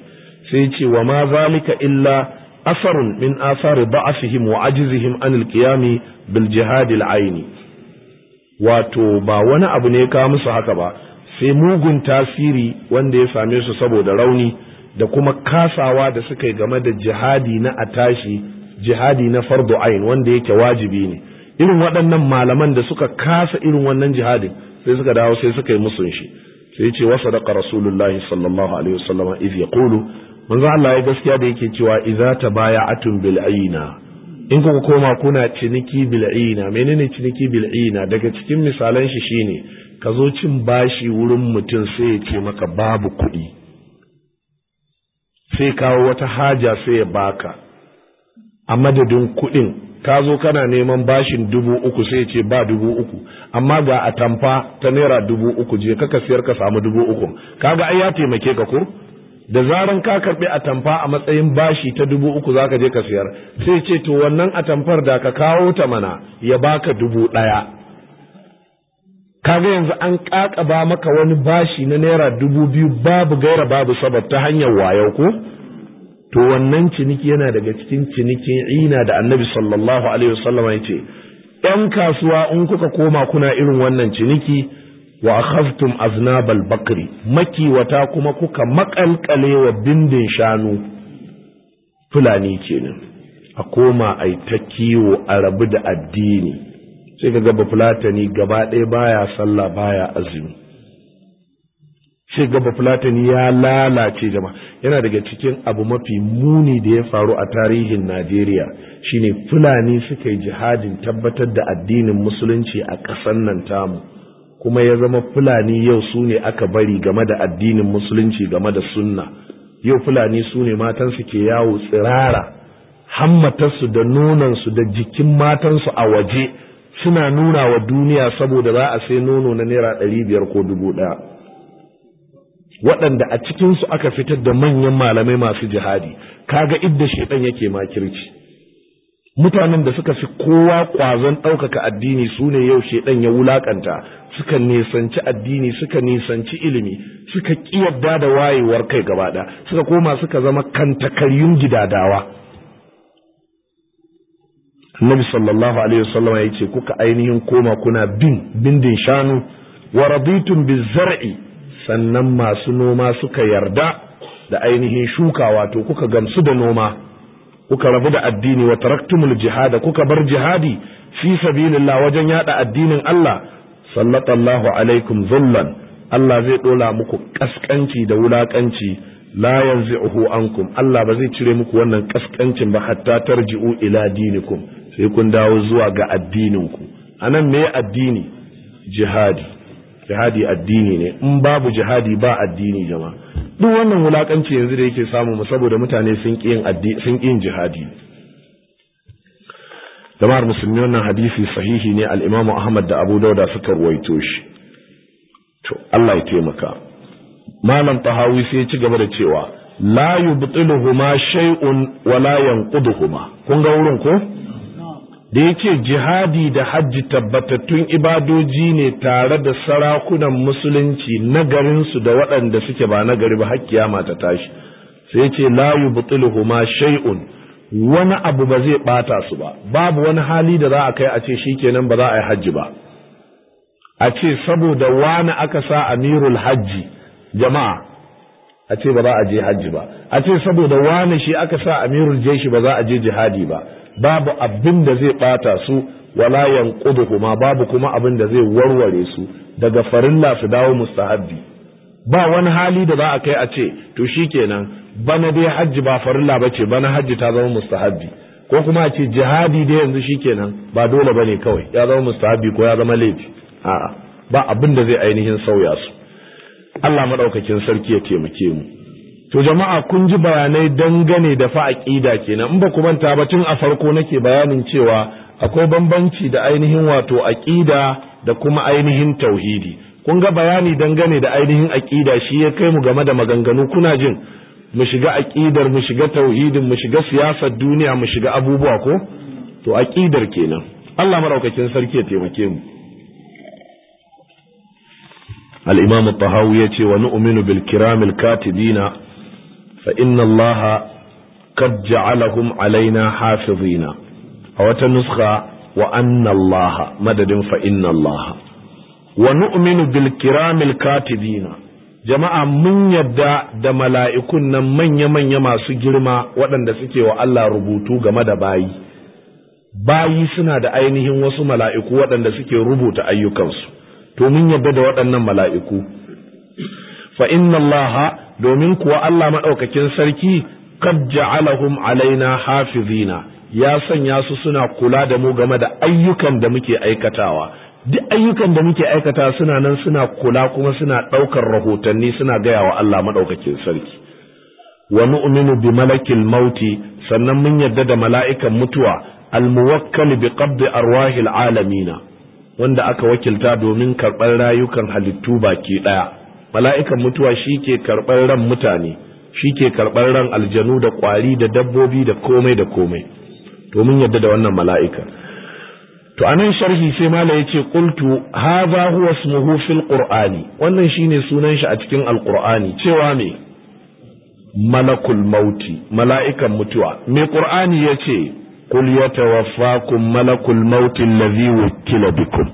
sai ce wa ma zalika illa asarun min asari ba'asihim wa ajizihim anil qiyami bil jihadi al wato ba wani abu ne ka musu haka ba sai mugun tasiri wanda ya same su saboda rauni da kuma kasawa da suka yi game da jihadi na atashi jihadi na fardu ain wanda yake wajibi ne irin waɗannan malaman da suka kasa irin wannan jihadin sai suka dawo sai suka yi musun shi sai ce wa sadaqa rasulullahi sallallahu alaihi wasallam iz yaqulu manzo Allah ya gaskiya da yake cewa baya atun bil aina in kuka koma kuna ciniki bil aina menene ciniki bil aina daga cikin misalan shi shine ka zo cin bashi wurin mutum sai ya ce maka babu kuɗi sai kawo wata haja sai ya baka a madadin kuɗin ka zo kana neman bashin dubu uku sai ce ba dubu uku amma ga a tamfa ta naira dubu uku je ka siyar ka samu dubu uku kaga ai ya taimake ka ko da zaran ka karbi atamfa a matsayin bashi ta dubu uku zaka je ka siyar sai ce to wannan atamfar da ka kawo ta mana ya baka dubu ɗaya kaga yanzu an ƙaƙaba maka wani bashi na naira dubu biyu babu gaira babu sabab ta hanyar wayo ko to wannan ciniki yana daga cikin cinikin ina da annabi sallallahu alaihi wasallam ya ce ɗan kasuwa in kuka koma kuna irin wannan ciniki wa khaftum aznabal bakri makiwata kuma kuka makalkale wa bindin shanu fulani kenan a koma a ta kiwo a rabu da addini sai ka gaba fulatani gaba ɗaya baya sallah baya azumi shi gaba fulatani ya lalace jama yana daga cikin abu mafi muni da ya faru a tarihin najeriya shine fulani suka yi jihadin tabbatar da addinin musulunci a ƙasar nan tamu kuma ya zama fulani yau su ne aka bari game da addinin musulunci game da sunna yau fulani su ne matansu ke yawo tsirara hammatarsu da nonansu da jikin matansu a waje suna nuna wa duniya saboda za a sai nono na naira ɗari biyar ko dubu ɗaya waɗanda a cikinsu aka fitar da manyan malamai masu jihadi kaga idda shaidan yake makirci mutanen da suka fi kowa kwazon ɗaukaka addini sune ne yau shaidan ya wulakanta suka nisanci addini suka nisanci ilimi suka ƙiyarda da wayewar kai gabaɗa suka koma suka zama kantakaryun gidadawa annabi sallallahu alaihi wasallam ya ce kuka ainihin koma kuna bin bindin shanu wa raditum bizar'i sannan masu noma suka yarda da ainihin shuka wato kuka gamsu da noma kuka rabu da addini wa taraktumul jihada kuka bar jihadi fi sabilillah wajen yada addinin Allah sallallahu alaikum zullan Allah zai dola muku kaskanci da wulakanci la yanzi'uhu ankum Allah ba zai cire muku wannan kaskancin ba hatta tarji'u ila dinikum sai kun dawo zuwa ga addininku anan me addini jihadi jihadi addini ne in babu jihadi ba addini zama duk wannan wulakanci yanzu da yake samu mu saboda mutane sun kiyin addini sun kiyin jihadi jama'ar musulmi wannan hadisi sahihi ne al Ahmad da Abu dauda suka ruwaito shi to Allah ya taimaka malam tahawi sai ya ci gaba da cewa la yubtiluhuma shay'un wa la yanquduhuma kun ga wurin ko da ya jihadi da hajji tabbatattun ibadoji ne tare da sarakunan musulunci na garinsu da waɗanda suke ba na gari ba har kiyama ta tashi sai ce la Huma Shaiun wani abu ba zai bata su ba babu wani hali da za a kai a ce shikenan ba za a yi hajji ba a ce saboda wani aka sa amirul hajji jama'a a ce ba za a je hajji ba a ce saboda wani shi aka sa amirul jeshi ba za a je jihadi ba babu abin da zai bata su wala yanqudu kuma babu kuma abin da zai warware su daga farilla su dawo mustahabbi ba wani hali da za a kai a ce to shikenan bana dai hajji ba farilla bace bana hajji ta zama mustahabbi ko kuma a ce jihadi dai yanzu shikenan ba dole bane kawai ya zama mustahabbi ko ya zama laifi a'a ba abin da zai ainihin sauya su Allah madaukakin sarki ya taimake mu to jama'a kun ji bayanai dangane da fa aqida kenan in ba ku manta ba tun a farko nake bayanin cewa akwai bambanci da ainihin wato aƙida da kuma ainihin tauhidi kun ga bayani dangane da ainihin aƙida shi ya kai mu game da maganganu kuna jin mu shiga aqidar mu shiga tauhidin mu shiga siyasar duniya mu shiga abubuwa ko to aqidar kenan Allah maraukakin sarki ya taimake mu al-imam at-tahawi yace wa nu'minu bil kiramil katibina fa inna allaha qad ja'alahum alaina hafizina a wata nuskha wa anna madadin fa inna allaha wa nu'minu bil kiramil katibina jama'a mun yadda da mala'ikun nan manya-manya masu girma waɗanda suke wa Allah rubutu game da bayi bayi suna da ainihin wasu mala'iku waɗanda suke rubuta ayyukansu to mun yadda da waɗannan mala'iku fa inna domin kuwa Allah maɗaukakin sarki qad ja'alahum alaina hafizina ya sanya su suna kula da mu game da ayyukan da muke aikatawa duk ayyukan da muke aikata suna nan suna kula kuma suna ɗaukar rahotanni suna gaya wa Allah maɗaukakin sarki wa nu'minu bi malakil mauti sannan mun yadda da mala'ikan mutuwa muwakkal bi qabdi arwahil alamina wanda aka wakilta domin karɓar rayukan halittu baki ɗaya mala'ikan mutuwa shi ke karɓar ran mutane shi ke karɓar ran aljanu da ƙwari da dabbobi da komai da komai to mun yadda da wannan mala'ika to anan sharhi sai mala ya ce qultu hadha huwa ismuhu fil qur'ani wannan shine sunan shi a cikin alqur'ani cewa me malakul mauti mala'ikan mutuwa me qur'ani yace qul yatawaffakum malakul mauti allazi wukila bikum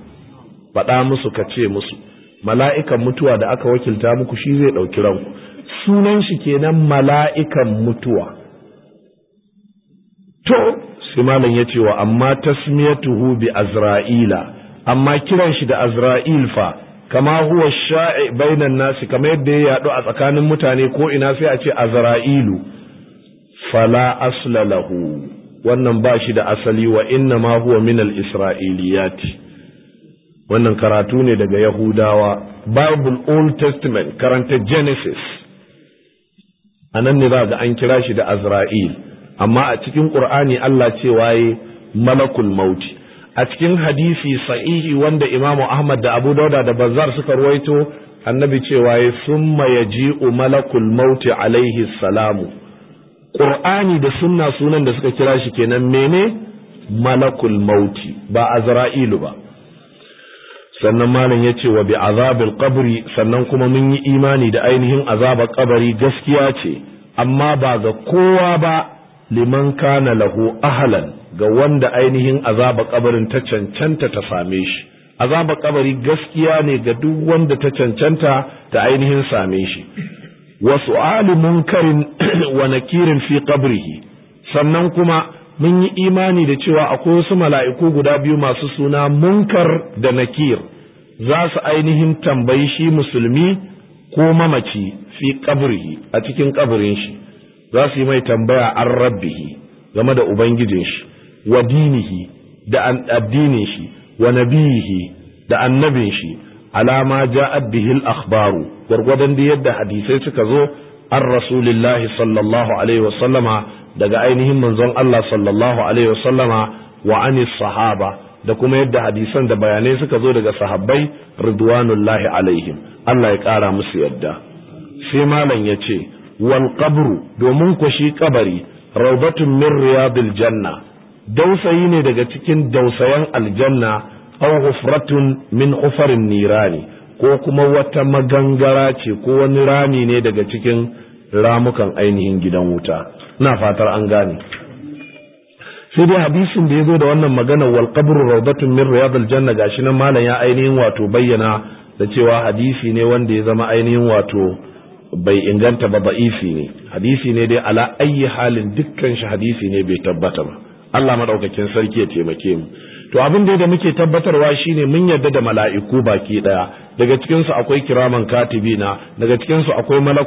faɗa musu ka ce musu mala'ikan mutuwa da aka wakilta muku shi zai ɗauki ranku sunan shi kenan mala'ikan mutuwa to sai malam ya ce wa amma tasmiyatuhu bi azra'ila amma kiran shi da azra'il fa kama huwa sha'i bainan nasi kama yadda ya yaɗu a tsakanin mutane ko ina sai a ce azra'ilu fala asla wannan ba shi da asali wa inna ma huwa min al isra'iliyati wannan karatu ne daga yahudawa bible old testament karanta genesis a nan ne za ga an kira shi da azra'il amma a cikin ƙur'ani allah ce waye malakul mauti a cikin hadisi sahihi wanda imamu ahmad da abu dauda da bazar suka ruwaito annabi ce waye summa yaji'u malakul mauti alaihi salamu ƙur'ani da sunna sunan da suka kira shi kenan mene malakul mauti ba azra'ilu ba sannan malam ya ce wa bi azabil qabri sannan kuma mun yi imani da ainihin azabar kabari gaskiya ce amma ba ga kowa ba liman kana lahu ahlan ga wanda ainihin azabar kabarin ta cancanta ta same shi azabar kabari gaskiya ne ga duk wanda ta cancanta ta ainihin same shi Wasu alimun karin wa nakirin fi kabrihi sannan kuma mun yi imani da cewa akwai wasu mala'iku guda biyu masu suna munkar da nakir za su ainihin tambayi shi musulmi ko mamaci fi kabri a cikin kabarin shi za su yi mai tambaya an rabbihi game da ubangijin shi wa dinihi da addinin shi wa nabiyihi da annabin shi alama ja bihil akhbaru gwargwadon da yadda hadisai suka zo an rasulillahi sallallahu alaihi wasallama daga ainihin manzon Allah sallallahu alaihi wasallama wa anis sahaba da kuma yadda hadisan da bayanai suka zo daga sahabbai ridwanullahi alaihim Allah ya kara musu yadda sai malam ya ce wal qabru domin ku shi kabari rawdatun min riyadil janna dausayi ne daga cikin dausayan aljanna aw hufratun min hufarin nirani ko kuma wata magangara ce ko wani rami ne daga cikin ramukan ainihin gidan wuta na fatar an gane sai dai hadisin da ya zo da wannan magana wal qabru rawdatun min al janna gashi nan malam ya ainihin wato bayyana da cewa hadisi ne wanda ya zama ainihin wato bai inganta ba da'ifi ne hadisi ne dai ala ayyi halin dukkan shi hadisi ne bai tabbata ba Allah madaukakin sarki ya taimake mu to abin da da muke tabbatarwa shine mun yarda da mala'iku baki daya daga cikin su akwai kiraman katibina daga cikin su akwai malaku